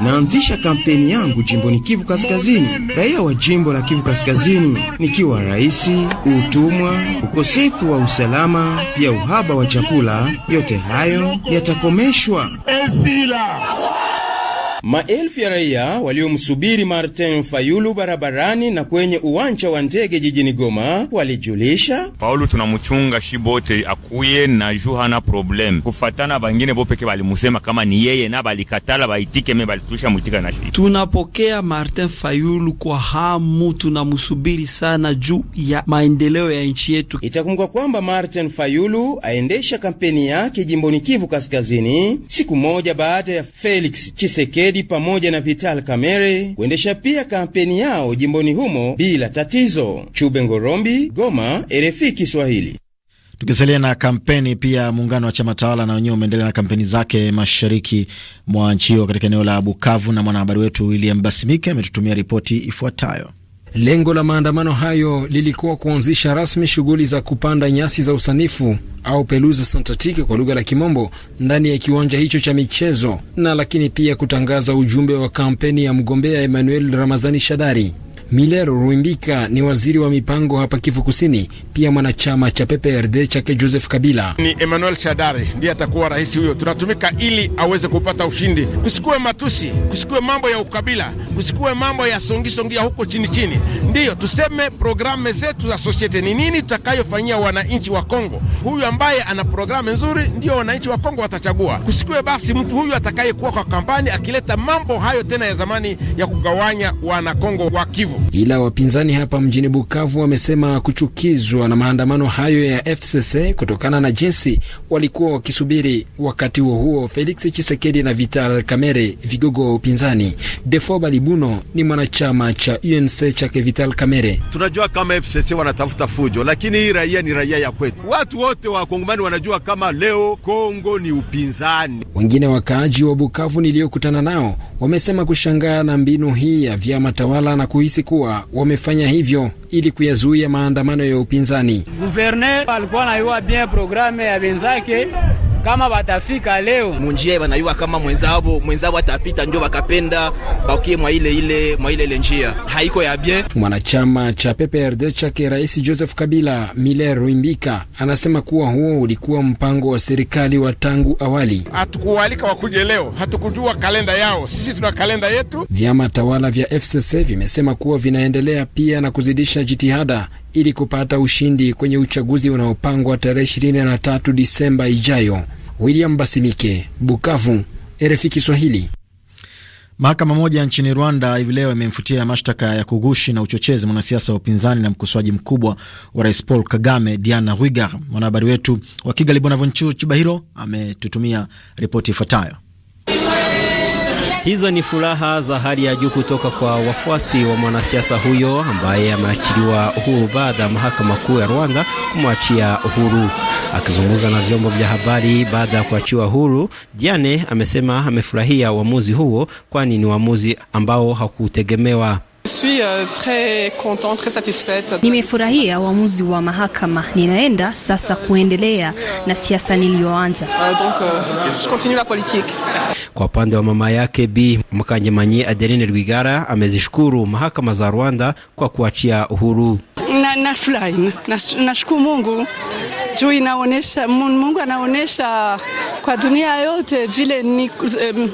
naanzisha kampeni yangu jimboni Kivu Kaskazini. Raia wa jimbo la Kivu Kaskazini, nikiwa raisi, utumwa, ukosefu wa usalama, pia uhaba wa chakula, yote hayo yatakomeshwa. Maelfu ya raia waliomsubiri Martin Fayulu barabarani na kwenye uwanja wa ndege jijini Goma walijulisha Paulu tunamuchunga shibote akuye na ju hana problem kufatana, bangine bo peke balimusema kama ni yeye na balikatala baitike me balitusha mwitika na shi. Tunapokea Martin Fayulu kwa hamu, tunamusubiri sana juu ya maendeleo ya nchi yetu. Itakumbuka kwamba Martin Fayulu aendesha kampeni yake jimboni Kivu Kaskazini siku moja baada ya Felix Tshisekedi Mohamed pamoja na Vital Kamerhe kuendesha pia kampeni yao jimboni humo bila tatizo. Chube Ngorombi, Goma, RFI Kiswahili. Tukisalia na kampeni pia, muungano wa chama tawala na wenyewe umeendelea na kampeni zake mashariki mwa nchi hiyo katika eneo la Bukavu, na mwanahabari wetu William Basimike ametutumia ripoti ifuatayo. Lengo la maandamano hayo lilikuwa kuanzisha rasmi shughuli za kupanda nyasi za usanifu au pelusa santatike kwa lugha la Kimombo ndani ya kiwanja hicho cha michezo na lakini pia kutangaza ujumbe wa kampeni ya mgombea Emmanuel Ramazani Shadari. Miller Ruimbika ni waziri wa mipango hapa Kivu Kusini, pia mwanachama cha PPRD chake Joseph Kabila. Ni Emmanuel Shadari ndiye atakuwa rais huyo, tunatumika ili aweze kupata ushindi. Kusikuwe matusi, kusikuwe mambo ya ukabila, kusikuwe mambo ya songisongia huko chini chini. Ndiyo tuseme programe zetu za sosiete ni nini tutakayofanyia wananchi wa Kongo. Huyu ambaye ana programe nzuri ndiyo wananchi wa Kongo watachagua. Kusikuwe basi mtu huyu atakayekuwa kwa kampani akileta mambo hayo tena ya zamani ya kugawanya wanakongo wa Kivu. Ila wapinzani hapa mjini Bukavu wamesema kuchukizwa na maandamano hayo ya FCC kutokana na jinsi walikuwa wakisubiri. Wakati huo huo, Felix Chisekedi na Vital Kamere, vigogo wa upinzani. Defo Balibuno ni mwanachama cha UNC chake Vital Kamere. Tunajua kama FCC wanatafuta fujo, lakini hii raia ni raia ya kwetu. Watu wote wa Kongomani wanajua kama leo Kongo ni upinzani. Wengine wakaaji wa Bukavu niliyokutana nao wamesema kushangaa na mbinu hii ya vyama tawala na kuhisi kuwa wamefanya hivyo ili kuyazuia maandamano ya upinzani. Guverne alikuwa anaiwa bien programe ya wenzake kama batafika leo munjia banayua kama mwenzabo mwenzabo atapita, ndio bakapenda bakie mwa ile ile mwa ile ile njia haiko ya bien. Mwanachama cha PPRD chake Rais Joseph Kabila Mile Ruimbika anasema kuwa huo ulikuwa mpango wa serikali wa tangu awali. Hatukualika wakuje leo, hatukujua kalenda yao, sisi tuna kalenda yetu. Vyama tawala vya FCC vimesema kuwa vinaendelea pia na kuzidisha jitihada ili kupata ushindi kwenye uchaguzi unaopangwa tarehe 23 Disemba ijayo. William Basimike, Bukavu, RFI Kiswahili. Mahakama moja nchini Rwanda hivi leo imemfutia mashtaka ya kugushi na uchochezi mwanasiasa wa upinzani na mkosoaji mkubwa wa rais Paul Kagame, Diana Rwigara. Mwanahabari wetu wa Kigali, Bonaventure Chubahiro, ametutumia ripoti ifuatayo. Hizo ni furaha za hali ya juu kutoka kwa wafuasi wa mwanasiasa huyo ambaye ameachiliwa uhuru baada ya mahakama kuu ya Rwanda kumwachia uhuru. Akizungumza na vyombo vya habari baada ya kuachiwa huru, Diane amesema amefurahia uamuzi huo, kwani ni uamuzi ambao hakutegemewa. Euh, Nimefurahia uamuzi wa mahakama. Ninaenda sasa kuendelea na siasa niliyoanza. Euh, euh, kwa upande wa mama yake Bi Mkangemanyi Adeline Rwigara amezishukuru mahakama za Rwanda kwa kuachia uhuru. Nafurahi na nashukuru na Mungu juu inaonesha Mungu anaonesha kwa dunia yote vile ni um,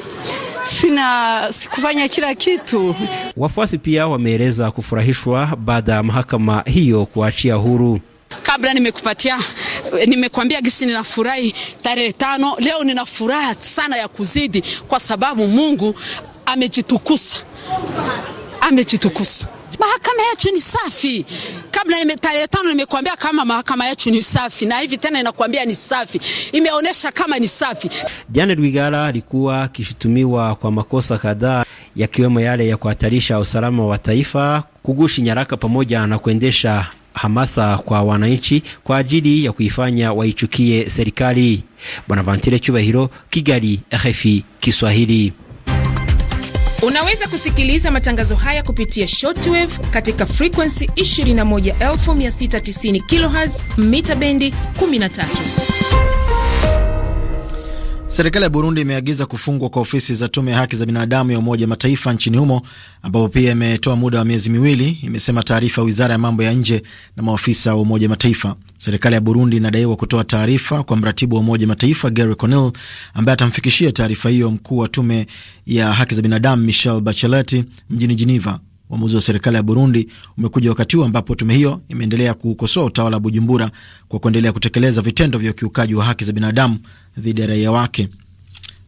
sina sikufanya kila kitu. Wafuasi pia wameeleza kufurahishwa baada ya mahakama hiyo kuachia huru Kabla nimekupatia nimekwambia gisi ninafurahi tarehe tano. Leo nina furaha sana ya kuzidi, kwa sababu Mungu amejitukusa, amejitukusa. Mahakama yetu ni safi. Kabla nime tarehe tano nimekuambia kama mahakama yetu ni safi, na hivi tena inakuambia ni safi, imeonyesha kama ni safi. Janet Rwigara alikuwa akishutumiwa kwa makosa kadhaa yakiwemo yale ya kuhatarisha usalama wa taifa, kugushi nyaraka, pamoja na kuendesha hamasa kwa wananchi kwa ajili ya kuifanya waichukie serikali. Bonaventure Cyubahiro, Kigali, RFI Kiswahili. Unaweza kusikiliza matangazo haya kupitia shortwave katika frekuensi 21690 kHz mita bendi 13. Serikali ya Burundi imeagiza kufungwa kwa ofisi za tume ya haki za binadamu ya Umoja Mataifa nchini humo ambapo pia imetoa muda wa miezi miwili, imesema taarifa ya wizara ya mambo ya nje na maafisa wa Umoja Mataifa. Serikali ya Burundi inadaiwa kutoa taarifa kwa mratibu wa Umoja Mataifa Gary Connell ambaye atamfikishia taarifa hiyo mkuu wa tume ya haki za binadamu Michel Bacheleti mjini Geneva. Uamuzi wa serikali ya Burundi umekuja wakati huu ambapo tume hiyo imeendelea kukosoa utawala wa Bujumbura kwa kuendelea kutekeleza vitendo vya ukiukaji wa haki za binadamu dhidi ya raia wake.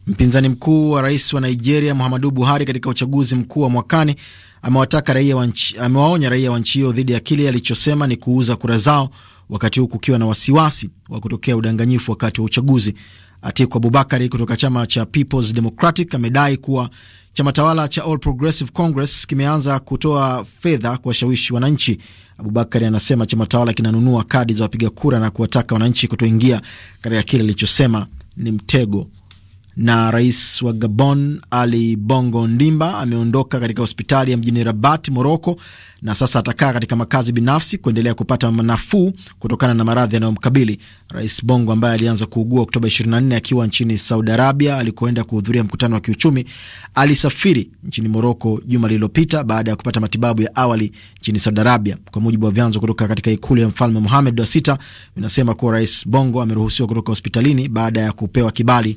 Mpinzani mkuu wa rais wa Nigeria Muhammadu Buhari katika uchaguzi mkuu wa mwakani amewataka raia wa nchi, amewaonya raia wa nchi hiyo dhidi ya kile alichosema ni kuuza kura zao wakati huu kukiwa na wasiwasi wa kutokea udanganyifu wakati wa uchaguzi. Atiku Abubakari kutoka chama cha Peoples Democratic amedai kuwa chama tawala cha All Progressive Congress kimeanza kutoa fedha kuwashawishi wananchi. Abubakari anasema chama tawala kinanunua kadi za wapiga kura na kuwataka wananchi kutoingia katika kile alichosema ni mtego na rais wa Gabon Ali Bongo Ndimba ameondoka katika hospitali ya mjini Rabat, Moroko, na sasa atakaa katika makazi binafsi kuendelea kupata nafuu kutokana na maradhi yanayomkabili. Rais Bongo ambaye alianza kuugua Oktoba 24 akiwa nchini Saudi Arabia alikoenda kuhudhuria mkutano wa kiuchumi, alisafiri nchini Moroko juma lililopita baada ya kupata matibabu ya awali nchini Saudi Arabia. Kwa mujibu wa vyanzo kutoka katika ikulu ya mfalme Mohamed wa sita, vinasema kuwa rais Bongo ameruhusiwa kutoka hospitalini baada ya kupewa kibali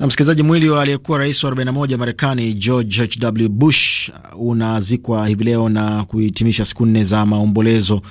Na msikilizaji, mwili wa aliyekuwa rais wa 41 Marekani George HW Bush unazikwa hivi leo na kuhitimisha siku nne za maombolezo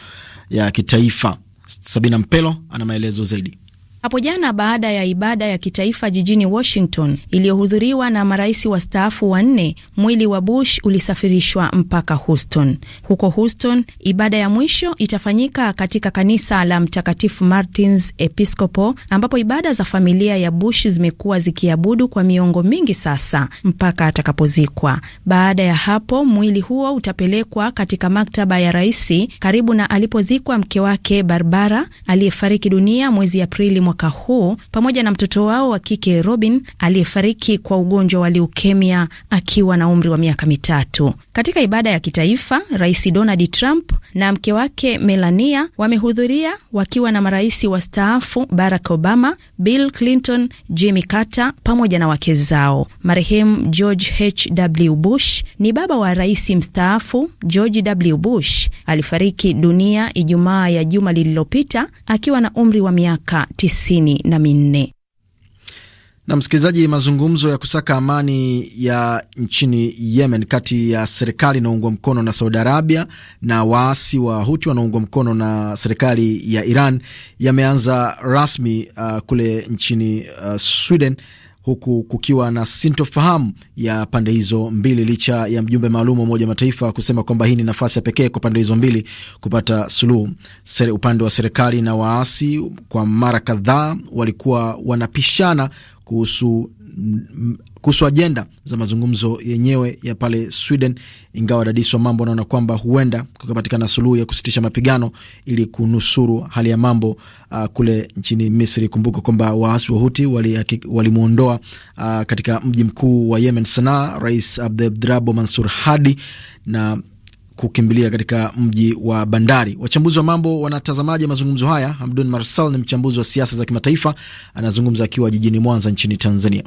ya kitaifa. Sabina Mpelo ana maelezo zaidi hapo jana baada ya ibada ya kitaifa jijini Washington iliyohudhuriwa na marais wastaafu wanne, mwili wa Bush ulisafirishwa mpaka Houston. Huko Houston, ibada ya mwisho itafanyika katika kanisa la Mtakatifu Martins Episcopo, ambapo ibada za familia ya Bush zimekuwa zikiabudu kwa miongo mingi sasa mpaka atakapozikwa. Baada ya hapo, mwili huo utapelekwa katika maktaba ya raisi karibu na alipozikwa mke wake Barbara aliyefariki dunia mwezi Aprili mwaka huu pamoja na mtoto wao wa kike Robin aliyefariki kwa ugonjwa wa liukemia akiwa na umri wa miaka mitatu. Katika ibada ya kitaifa, Rais Donald Trump na mke wake Melania wamehudhuria wakiwa na marais wastaafu Barack Obama, Bill Clinton, Jimmy Carter pamoja na wake zao. Marehemu George H.W. Bush ni baba wa rais mstaafu George W. Bush. Alifariki dunia Ijumaa ya juma lililopita akiwa na umri wa miaka tisini na minne. Na msikilizaji, mazungumzo ya kusaka amani ya nchini Yemen kati ya serikali inaungwa mkono na Saudi Arabia na waasi wa Huti wanaungwa mkono na serikali ya Iran yameanza rasmi uh, kule nchini uh, Sweden huku kukiwa na sintofahamu ya pande hizo mbili, licha ya mjumbe maalum wa Umoja wa Mataifa kusema kwamba hii ni nafasi ya pekee kwa pande hizo mbili kupata suluhu. Upande wa serikali na waasi kwa mara kadhaa walikuwa wanapishana kuhusu mm, kuhusu ajenda za mazungumzo yenyewe ya pale Sweden, ingawa dadisi wa mambo wanaona kwamba huenda kukapatikana suluhu ya kusitisha mapigano ili kunusuru hali ya mambo uh, kule nchini Misri. Kumbuka kwamba waasi wa Huti walimwondoa wali uh, katika mji mkuu wa Yemen, Sanaa, Rais Abdrabo Mansur Hadi na kukimbilia katika mji wa bandari. Wachambuzi wa mambo wanatazamaje mazungumzo haya? Hamdun Marsal ni mchambuzi wa siasa za kimataifa, anazungumza akiwa jijini Mwanza nchini Tanzania.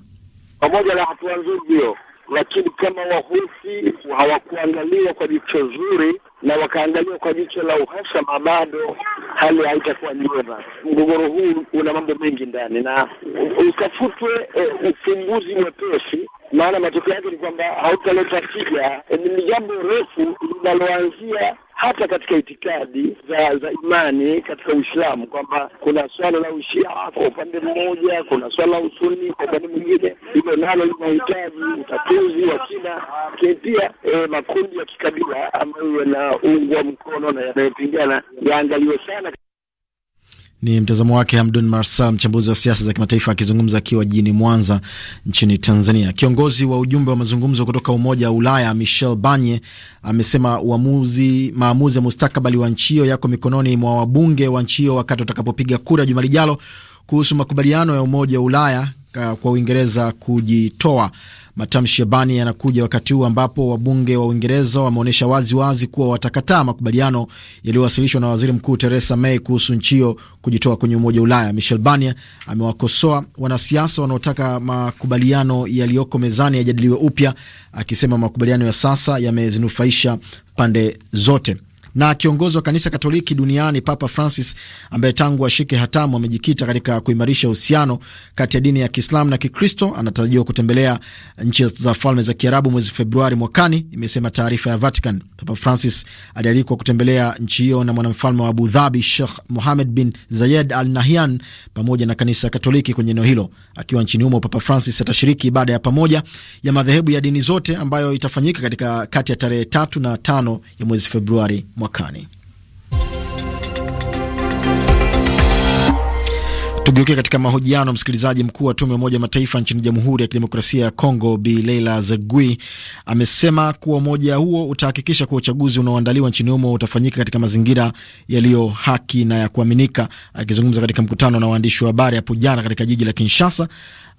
Pamoja na hatua nzuri hiyo, lakini kama wahusi hawakuangaliwa kwa jicho zuri na wakaangalia kwa jicho la uhasama, bado hali haitakuwa njema. Mgogoro huu una mambo mengi ndani na utafutwe eh, ufumbuzi mwepesi, maana matokeo yake ni kwamba hautaleta tija. Eh, ni jambo refu linaloanzia hata katika itikadi za, za imani katika Uislamu kwamba kuna swala la ushia kwa upande mmoja, kuna swala la usuni kwa upande mwingine. Hilo nalo linahitaji utatuzi wa kina, lakini pia e, makundi ya kikabila ambayo yanaungwa mkono na yanayopingana yaangaliwe sana. Ni mtazamo wake Hamdun Marsal, mchambuzi wa siasa za kimataifa, akizungumza akiwa jijini Mwanza nchini Tanzania. Kiongozi wa ujumbe wa mazungumzo kutoka Umoja wa Ulaya Michel Barnier amesema uamuzi, maamuzi ya mustakabali wa nchi hiyo yako mikononi mwa wabunge wa nchi hiyo wakati watakapopiga kura juma lijalo kuhusu makubaliano ya Umoja wa Ulaya kwa Uingereza kujitoa. Matamshi ya Bani yanakuja wakati huu ambapo wabunge wa Uingereza wameonyesha wazi wazi kuwa watakataa makubaliano yaliyowasilishwa na waziri mkuu Theresa May kuhusu nchi hiyo kujitoa kwenye umoja wa Ulaya. Michel Barnier amewakosoa wanasiasa wanaotaka makubaliano yaliyoko mezani yajadiliwe upya, akisema makubaliano ya sasa yamezinufaisha pande zote na kiongozi wa kanisa Katoliki duniani Papa Francis, ambaye tangu ashike hatamu amejikita katika kuimarisha uhusiano kati ya dini ya Kiislamu na Kikristo, anatarajiwa kutembelea nchi za Falme za Kiarabu mwezi Februari mwakani, imesema taarifa ya Vatican. Papa Francis alialikwa kutembelea nchi hiyo na mwanamfalme wa Abu Dhabi Sheikh Mohammed bin Zayed Al Nahyan pamoja na kanisa Katoliki kwenye eneo hilo. Akiwa nchini humo, Papa Francis atashiriki ibada ya pamoja ya madhehebu ya dini zote ambayo itafanyika katika kati ya tarehe tatu na tano ya mwezi Februari. mwakani. Tugeukia katika mahojiano. Msikilizaji, mkuu wa tume ya Umoja Mataifa nchini Jamhuri ya Kidemokrasia ya Kongo Bi Leila Zegui, amesema kuwa umoja huo utahakikisha kuwa uchaguzi unaoandaliwa nchini humo utafanyika katika mazingira yaliyo haki na ya kuaminika. Akizungumza katika mkutano na waandishi wa habari hapo jana katika jiji la Kinshasa,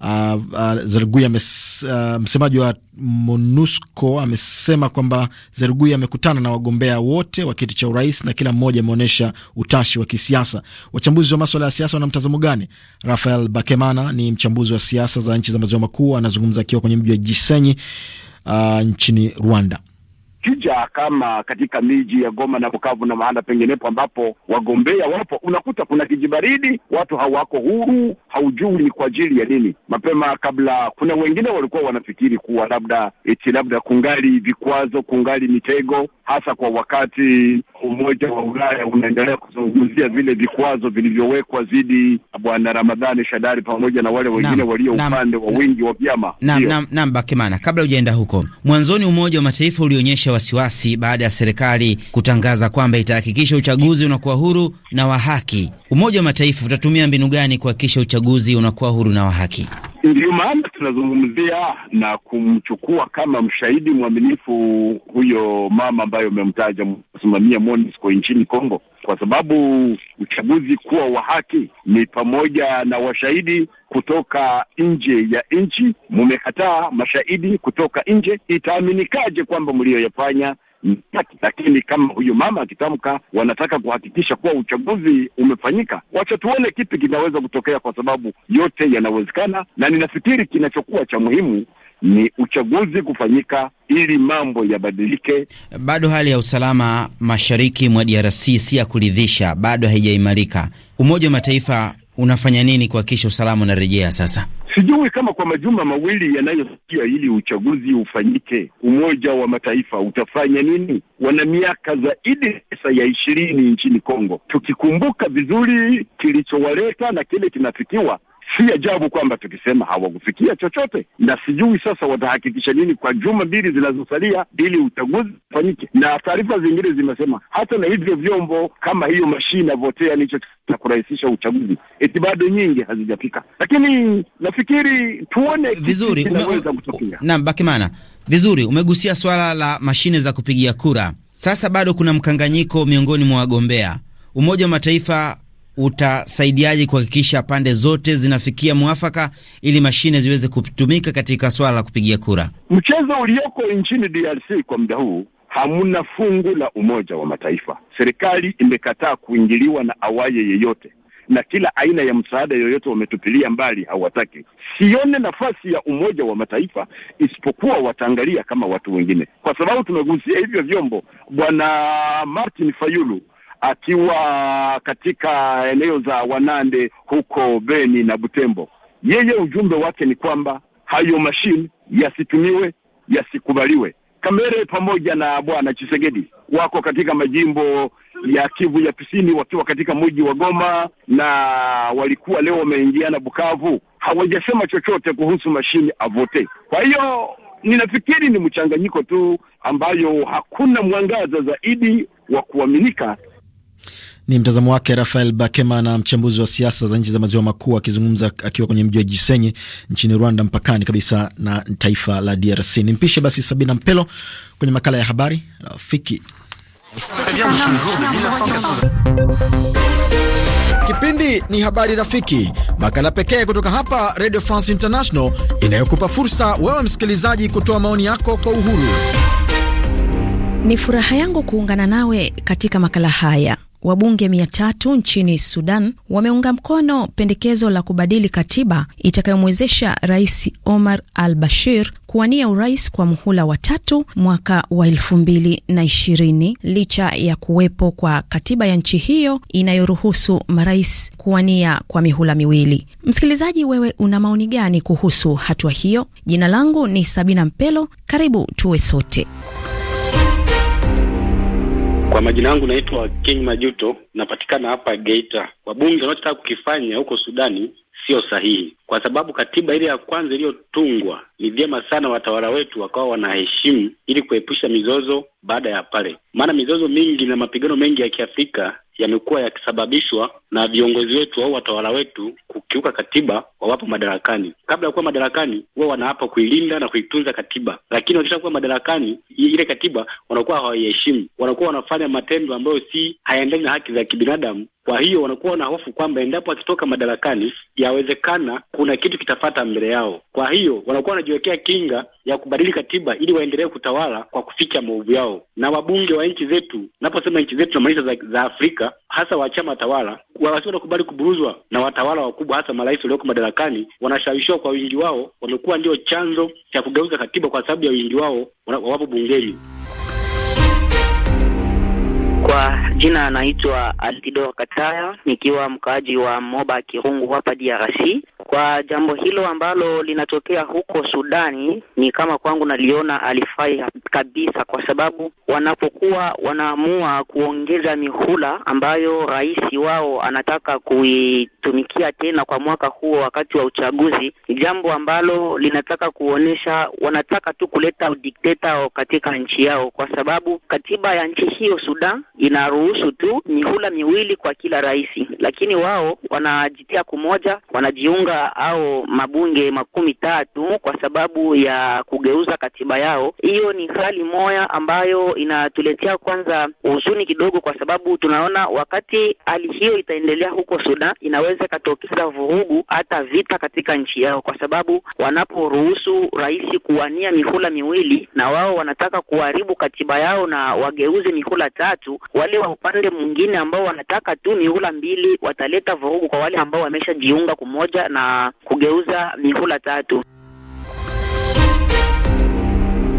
uh, uh, Zergui ames, uh, msemaji wa MONUSCO amesema kwamba Zergui amekutana na wagombea wote wa kiti cha urais na kila mmoja ameonyesha utashi wa kisiasa. Wachambuzi wa maswala ya siasa wana mtazamo gani? Marekani. Rafael Bakemana ni mchambuzi wa siasa za nchi za maziwa makuu, anazungumza akiwa kwenye mji wa Gisenyi uh, nchini Rwanda ukija kama katika miji ya Goma na Bukavu na mahala penginepo ambapo wagombea wapo, unakuta kuna kijibaridi, watu hawako huru, haujui ni kwa ajili ya nini. Mapema kabla, kuna wengine walikuwa wanafikiri kuwa labda eti labda kungali vikwazo, kungali mitego, hasa kwa wakati Umoja wa Ulaya unaendelea kuzungumzia vile vikwazo vilivyowekwa dhidi Bwana Ramadhani Shadari pamoja na wale wengine walio upande wa wingi wa vyama. Naam, naam, kabla hujaenda huko, mwanzoni Umoja wa Mataifa ulionyesha wasiwasi baada ya serikali kutangaza kwamba itahakikisha uchaguzi unakuwa huru na wa haki. Umoja wa Mataifa utatumia mbinu gani kuhakikisha uchaguzi unakuwa huru na wa haki? maana tunazungumzia na kumchukua kama mshahidi mwaminifu huyo mama ambaye umemtaja msimamia MONUSCO nchini Kongo, kwa sababu uchaguzi kuwa wa haki ni pamoja na washahidi kutoka nje ya nchi. Mumekataa mashahidi kutoka nje, itaaminikaje kwamba mliyoyafanya mtaki. Lakini kama huyu mama akitamka wanataka kuhakikisha kuwa uchaguzi umefanyika, wacha tuone kipi kinaweza kutokea, kwa sababu yote yanawezekana, na ninafikiri kinachokuwa cha muhimu ni uchaguzi kufanyika ili mambo yabadilike. Bado hali ya usalama mashariki mwa DRC si ya kuridhisha, bado haijaimarika. Umoja wa Mataifa unafanya nini kuhakikisha usalama unarejea sasa? Sijui kama kwa majuma mawili yanayosikia ili uchaguzi ufanyike, Umoja wa Mataifa utafanya nini? Wana miaka zaidi sasa ya ishirini nchini Kongo. Tukikumbuka vizuri kilichowaleta na kile kinafikiwa si ajabu kwamba tukisema hawakufikia chochote, na sijui sasa watahakikisha nini kwa juma mbili zinazosalia ili uchaguzi ufanyike. Na taarifa zingine zimesema hata na hivyo vyombo kama hiyo mashine avotea nicho na kurahisisha uchaguzi eti bado nyingi hazijafika, lakini nafikiri tuone vizuri kinaweza kutokea. Naam, Bakimana, vizuri umegusia swala la mashine za kupigia kura. Sasa bado kuna mkanganyiko miongoni mwa wagombea. Umoja wa Mataifa utasaidiaje kuhakikisha pande zote zinafikia mwafaka ili mashine ziweze kutumika katika swala la kupigia kura? Mchezo ulioko nchini DRC kwa muda huu hamuna fungu la Umoja wa Mataifa. Serikali imekataa kuingiliwa na awaye yeyote na kila aina ya msaada yoyote wametupilia mbali, hawataki. Sione nafasi ya Umoja wa Mataifa isipokuwa wataangalia kama watu wengine, kwa sababu tumegusia hivyo vyombo. Bwana Martin Fayulu akiwa katika eneo za Wanande huko Beni na Butembo. Yeye ujumbe wake ni kwamba hayo mashine yasitumiwe, yasikubaliwe. Kamere pamoja na bwana Chisegedi wako katika majimbo ya Kivu ya Kusini, wakiwa katika mji wa Goma na walikuwa leo wameingiana Bukavu, hawajasema chochote kuhusu mashine avote. Kwa hiyo ninafikiri ni mchanganyiko tu ambayo hakuna mwangaza zaidi wa kuaminika ni mtazamo wake Rafael Bakemana, mchambuzi wa siasa za nchi za maziwa makuu, akizungumza akiwa kwenye mji wa Jisenye nchini Rwanda, mpakani kabisa na taifa la DRC. Ni mpishe basi Sabina Mpelo kwenye makala ya habari Rafiki. Kipindi ni Habari Rafiki, makala pekee kutoka hapa Radio France International inayokupa fursa wewe msikilizaji kutoa maoni yako kwa uhuru. Ni furaha yangu kuungana nawe katika makala haya. Wabunge mia tatu nchini Sudan wameunga mkono pendekezo la kubadili katiba itakayomwezesha Rais Omar al Bashir kuwania urais kwa muhula wa tatu mwaka wa elfu mbili na ishirini licha ya kuwepo kwa katiba ya nchi hiyo inayoruhusu marais kuwania kwa mihula miwili. Msikilizaji, wewe una maoni gani kuhusu hatua hiyo? Jina langu ni Sabina Mpelo, karibu tuwe sote kwa majina yangu naitwa King Majuto, napatikana hapa Geita. Wabunge wanachotaka kukifanya huko Sudani sio sahihi, kwa sababu katiba ile ya kwanza iliyotungwa ni vyema sana watawala wetu wakawa wanaheshimu ili kuepusha mizozo baada ya pale, maana mizozo mingi na mapigano mengi ya Kiafrika yamekuwa yakisababishwa na viongozi wetu au watawala wetu kukiuka katiba wawapo madarakani. Kabla ya kuwa madarakani, huwa wanaapa kuilinda na kuitunza katiba, lakini wakishakuwa madarakani, ile katiba wanakuwa hawaiheshimu, wanakuwa wanafanya matendo ambayo si hayaendani na haki za kibinadamu. Kwa hiyo wanakuwa na hofu kwamba endapo akitoka madarakani, yawezekana kuna kitu kitafata mbele yao. Kwa hiyo wanakuwa kuwajiwekea kinga ya kubadili katiba ili waendelee kutawala kwa kuficha maovu yao. Na wabunge wa nchi zetu, naposema nchi zetu namaanisha za, za Afrika, hasa wa chama tawala, wasio wanakubali kuburuzwa na watawala wakubwa, hasa marais walioko madarakani. Wanashawishiwa kwa wingi wao, wamekuwa ndio chanzo cha kugeuza katiba kwa sababu ya wingi wao wawapo bungeni. Kwa jina anaitwa Altidor Kataya, nikiwa mkaaji wa Moba Kirungu hapa DRC. Kwa jambo hilo ambalo linatokea huko Sudani, ni kama kwangu naliona alifai kabisa, kwa sababu wanapokuwa wanaamua kuongeza mihula ambayo rais wao anataka kuitumikia tena kwa mwaka huo wakati wa uchaguzi, ni jambo ambalo linataka kuonyesha wanataka tu kuleta udikteta katika nchi yao, kwa sababu katiba ya nchi hiyo Sudan inaruhusu tu mihula miwili kwa kila rais, lakini wao wanajitia kumoja, wanajiunga au mabunge makumi tatu kwa sababu ya kugeuza katiba yao. Hiyo ni hali moya ambayo inatuletea kwanza huzuni kidogo, kwa sababu tunaona wakati hali hiyo itaendelea huko Sudan, inaweza ikatokeza vurugu hata vita katika nchi yao, kwa sababu wanaporuhusu rais kuwania mihula miwili, na wao wanataka kuharibu katiba yao na wageuze mihula tatu. Wale wa upande mwingine ambao wanataka tu mihula mbili wataleta vurugu kwa wale ambao wameshajiunga kumoja na kugeuza mihula tatu.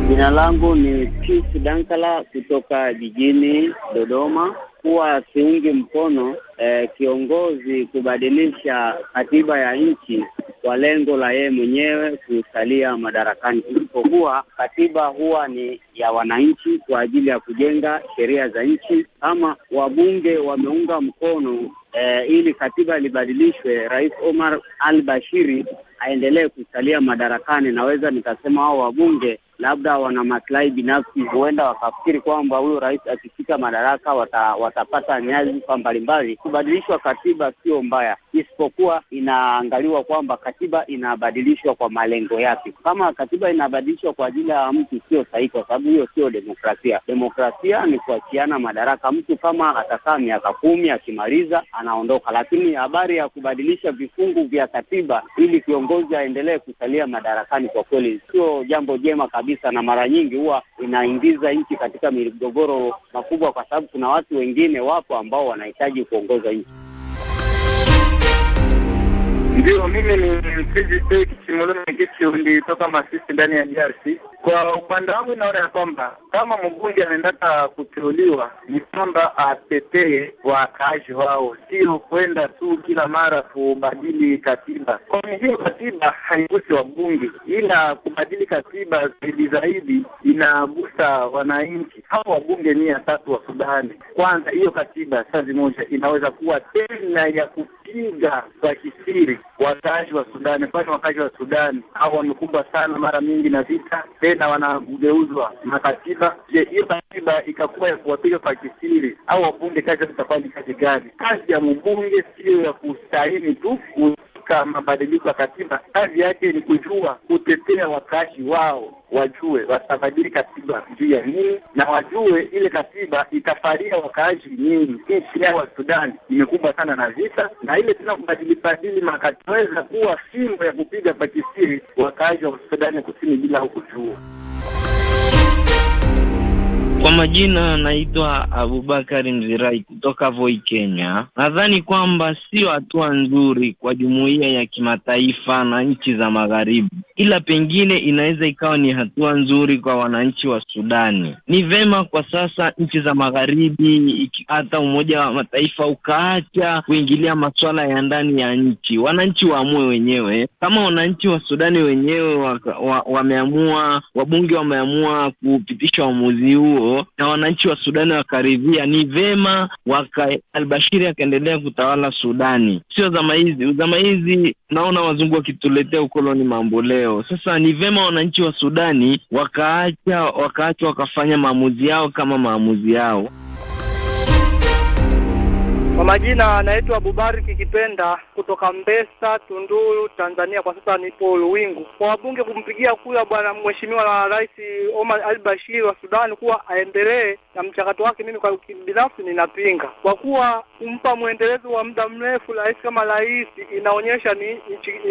Jina langu ni Chief Dankala kutoka jijini Dodoma. Kuwa siungi mkono eh, kiongozi kubadilisha katiba ya nchi kwa lengo la yeye mwenyewe kusalia madarakani, isipokuwa katiba huwa ni ya wananchi kwa ajili ya kujenga sheria za nchi. Kama wabunge wameunga mkono eh, ili katiba libadilishwe, Rais Omar al-Bashiri aendelee kusalia madarakani, naweza nikasema hao wabunge labda wana maslahi binafsi, huenda wakafikiri kwamba huyo rais akifika madaraka wata, watapata nyadhifa mbalimbali. Kubadilishwa katiba sio mbaya, isipokuwa inaangaliwa kwamba katiba inabadilishwa kwa malengo yake Kama katiba inabadilishwa kwa ajili ya mtu, sio sahihi, kwa sababu hiyo sio demokrasia. Demokrasia ni kuachiana madaraka. Mtu kama atakaa miaka kumi akimaliza anaondoka, lakini habari ya kubadilisha vifungu vya katiba ili kiongozi aendelee kusalia madarakani, kwa kweli sio jambo jema kabisa kabisa, na mara nyingi huwa inaingiza nchi katika migogoro makubwa, kwa sababu kuna watu wengine wapo ambao wanahitaji kuongoza nchi. Ndio, mimi ni Kiundi toka Masisi ndani ya DRC. Kwa upande wangu, inaona ya kwamba kama mbunge anaendaka kuteuliwa ni kwamba atetee wakaaji wao, sio kwenda tu kila mara kubadili katiba, kwani hiyo katiba haigusi wabunge, ila kubadili katiba zaidi zaidi inagusa wananchi. Hao wabunge mia tatu wa Sudani, kwanza hiyo katiba sazi moja inaweza kuwa tena ya kupiga kwa kisiri wakazi wa Sudani, kwani wakazi wa Sudani hao wamekumbwa sana mara mingi na vita, tena wanageuzwa na katiba. Je, hiyo katiba ikakuwa ya kuwapiga kwa kisiri au wabunge, kazi zitakuwa ni kazi gani? Kazi ya mbunge siyo ya kusaini tu kuweka mabadiliko ya katiba, kazi yake ni kujua kutetea wakazi wao, wajue watabadili katiba juu ya nini, na wajue ile katiba itafaria wakaaji nini. Nchi yao wa Sudani imekumbwa sana na vita, na ile tena kubadilibadili makatiweza kuwa fimbo ya kupiga pakisiri wakaaji wa Sudani ya kusini bila hukujua majina anaitwa Abubakari Mzirai kutoka Voi, Kenya. Nadhani kwamba sio hatua nzuri kwa jumuiya ya kimataifa na nchi za magharibi, ila pengine inaweza ikawa ni hatua nzuri kwa wananchi wa Sudani. Ni vema kwa sasa nchi za magharibi, hata Umoja wa Mataifa ukaacha kuingilia masuala ya ndani ya nchi, wananchi waamue wenyewe. Kama wananchi wa Sudani wenyewe wameamua wa, wa wabunge wameamua kupitisha uamuzi huo na wananchi wa Sudani wakaridhia, ni vema waka Albashiri akaendelea kutawala Sudani, sio zama hizi. Zama hizi naona wazungu wakituletea ukoloni mambo leo. Sasa ni vema wananchi wa Sudani wakaacha wakaacha wakafanya maamuzi yao kama maamuzi yao. Kwa majina anaitwa Bubariki Kipenda kutoka Mbesa, Tunduru, Tanzania. Kwa sasa nipo Luwingu. Kwa wabunge kumpigia kura bwana mheshimiwa na Rais Omar al-Bashir wa Sudani kuwa aendelee na mchakato wake, mimi kwa binafsi ninapinga, kwa kuwa kumpa mwendelezo wa muda mrefu rais kama rais inaonyesha ni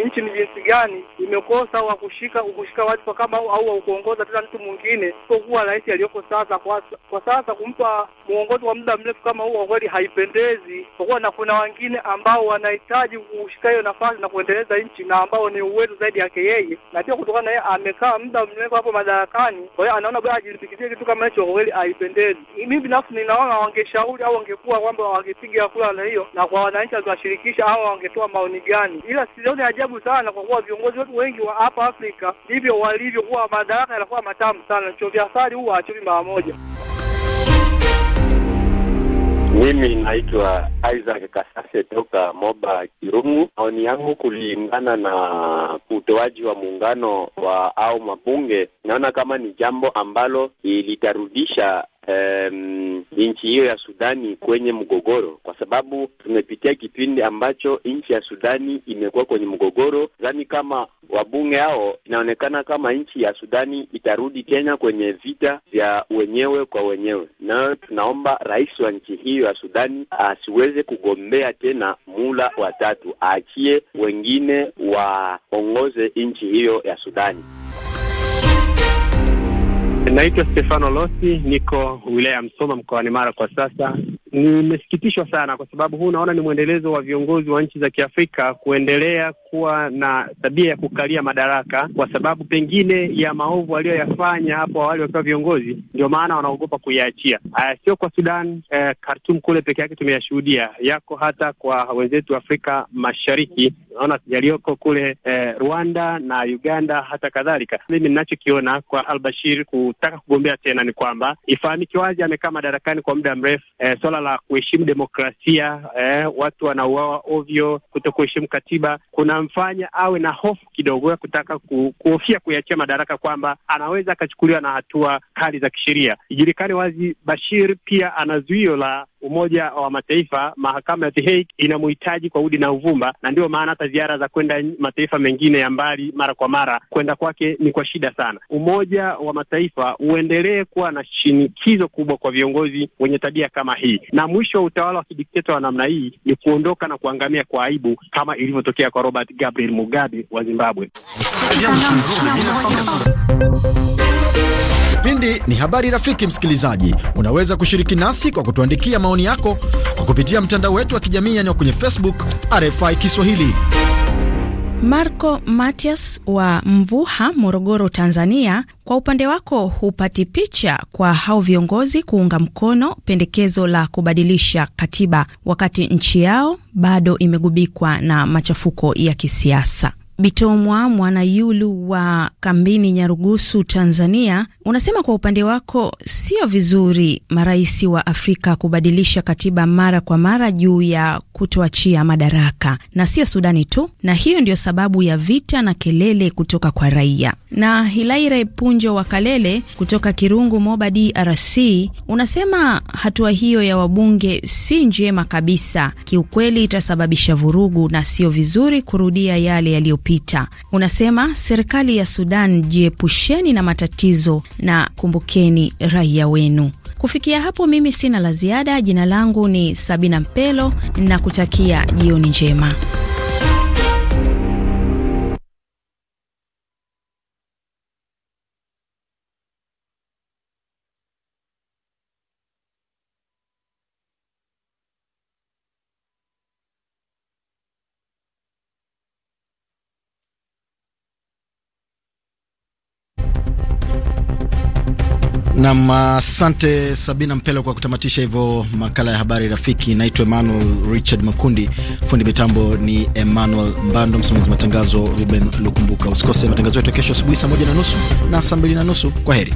nchi ni jinsi gani imekosa wa kushika kushika wadhifa kama au wa kuongoza tena mtu mwingine kuwa rais aliyoko sasa. Kwa, kwa sasa kumpa muongozo wa muda mrefu kama huo kweli haipendezi nafasi, kwa kuwa kuna wengine ambao wanahitaji kushika hiyo nafasi na kuendeleza nchi na ambao ni uwezo zaidi yake yeye, na pia kutokana na yeye amekaa muda mrefu hapo madarakani, kwa hiyo anaona bora ajisikizie kitu kama hicho, kweli haipendezi. Mimi binafsi ninaona wangeshauri au wangekuwa kwamba wangepiga kura na hiyo na kwa wananchi waliwashirikisha au wangetoa maoni gani, ila sioni ajabu sana, kwa kuwa viongozi wetu wengi wa hapa Afrika ndivyo walivyokuwa, madaraka yanakuwa matamu sana, chovya asali huwa achovi mara moja. Mimi naitwa Isaac Kasase toka Moba kirungu Maoni yangu kulingana na utoaji wa muungano wa au mabunge, naona kama ni jambo ambalo ilitarudisha um, nchi hiyo ya Sudani kwenye mgogoro, kwa sababu tumepitia kipindi ambacho nchi ya Sudani imekuwa kwenye mgogoro. zani kama wabunge hao, inaonekana kama nchi ya Sudani itarudi tena kwenye vita vya wenyewe kwa wenyewe, nayo tunaomba rais wa nchi hiyo ya Sudani asiweze kugombea tena mula watatu, aachie wengine waongoze nchi hiyo ya Sudani. Naitwa Stefano Losi, niko wilaya ya Msoma mkoani Mara kwa sasa. Nimesikitishwa sana kwa sababu huu naona ni mwendelezo wa viongozi wa nchi za Kiafrika kuendelea kuwa na tabia ya kukalia madaraka kwa sababu pengine ya maovu waliyoyafanya hapo awali wakiwa viongozi, ndio maana wanaogopa kuiachia. Sio kwa Sudan, eh, Khartoum kule peke yake tumeyashuhudia, yako hata kwa wenzetu Afrika Mashariki, naona yaliyoko kule eh, Rwanda na Uganda hata kadhalika. Mimi ninachokiona kwa Al Bashir kutaka kugombea tena ni kwamba ifahamiki wazi amekaa madarakani kwa muda mrefu eh, swala la kuheshimu demokrasia eh, watu wanauawa ovyo, kuto kuheshimu katiba kunamfanya awe na hofu kidogo ya kutaka ku, kuhofia kuiachia madaraka, kwamba anaweza akachukuliwa na hatua kali za kisheria. Ijulikane wazi Bashir pia ana zuio la Umoja wa Mataifa, mahakama ya The Hague inamhitaji kwa udi na uvumba, na ndiyo maana hata ziara za kwenda mataifa mengine ya mbali mara kwa mara kwenda kwake ni kwa shida sana. Umoja wa Mataifa uendelee kuwa na shinikizo kubwa kwa viongozi wenye tabia kama hii, na mwisho wa utawala wa kidikteta wa namna hii ni kuondoka na kuangamia kwa aibu kama ilivyotokea kwa Robert Gabriel Mugabe wa Zimbabwe. Kipindi ni habari rafiki. Msikilizaji, unaweza kushiriki nasi kwa kutuandikia maoni yako kwa kupitia mtandao wetu wa kijamii yaani kwenye Facebook RFI Kiswahili. Marco Matias wa Mvuha, Morogoro, Tanzania, kwa upande wako hupati picha kwa hao viongozi kuunga mkono pendekezo la kubadilisha katiba wakati nchi yao bado imegubikwa na machafuko ya kisiasa. Bitomwa Mwana Yulu wa kambini Nyarugusu, Tanzania, unasema kwa upande wako sio vizuri marais wa Afrika kubadilisha katiba mara kwa mara juu ya kutoachia madaraka, na sio Sudani tu, na hiyo ndio sababu ya vita na kelele kutoka kwa raia. Na Hilaire Punjo wa Kalele kutoka Kirungu, Moba, DRC, unasema hatua hiyo ya wabunge si njema kabisa, kiukweli itasababisha vurugu na sio vizuri kurudia yale yaliyo iliyopita. Unasema serikali ya Sudan, jiepusheni na matatizo na kumbukeni raia wenu. Kufikia hapo, mimi sina la ziada. Jina langu ni Sabina Mpelo na kutakia jioni njema. Nam, asante Sabina Mpelo kwa kutamatisha hivyo makala ya habari rafiki. Naitwa Emmanuel Richard Makundi, fundi mitambo ni Emmanuel Mbando, msimamizi matangazo Ruben Lukumbuka. Usikose matangazo yetu kesho asubuhi saa moja na nusu na saa mbili na nusu. Kwa heri.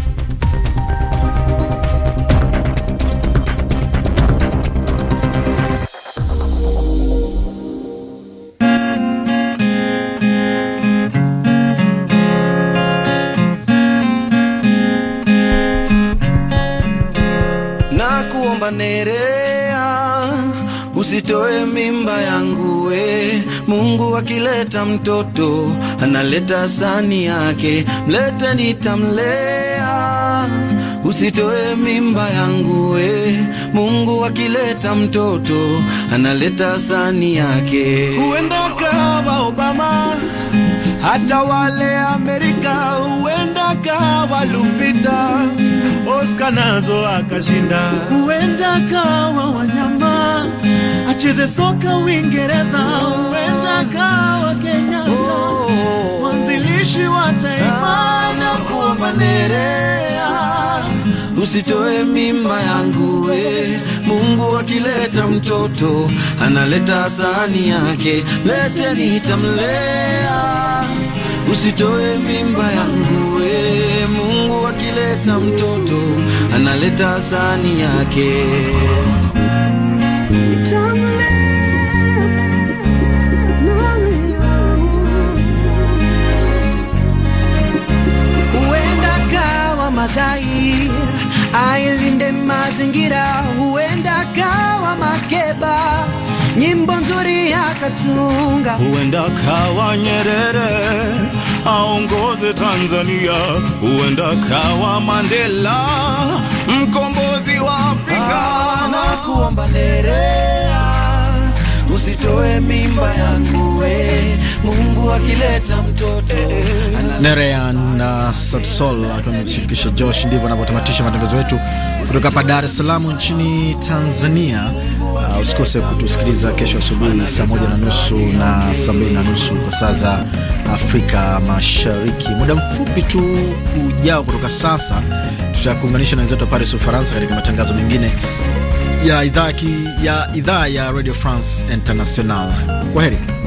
usitoe mimba yangu we. Mungu akileta mtoto analeta sani yake, mlete nitamlea. Usitoe mimba yangu we Mungu akileta mtoto analeta sani yake. Huenda kawa Obama, hata wale Amerika, huenda kawa Lupita, Oscar nazo akashinda. Huenda kawa wanyama acheze soka Uingereza, huenda kawa Kenyatta oh. mwanzilishi wa taifa na kuwa Manerea usitoe mimba yangu we Mungu akileta mtoto analeta sani yake, lete nitamlea. Usitoe mimba yangu we Mungu akileta mtoto analeta sani yake ailinde mazingira, huenda kawa Makeba, nyimbo nzuri akatunga, huenda kawa Nyerere aongoze Tanzania, huenda kawa Mandela mkombozi wa Afrika. Ah, na usitoe mimba yangu we Mungu akileta mtoto Nerean na Sotsol akimshirikisha Josh. Ndivyo anavyotamatisha matangazo yetu kutoka hapa Dar es Salaam nchini Tanzania. Uh, usikose kutusikiliza kesho asubuhi saa moja na nusu na saa mbili na nusu kwa saa za Afrika Mashariki. Muda mfupi tu kujao kutoka sasa, tutakuunganisha na wenzetu wa Paris, Ufaransa, katika matangazo mengine ya idhaa ya Radio France International. Kwa heri.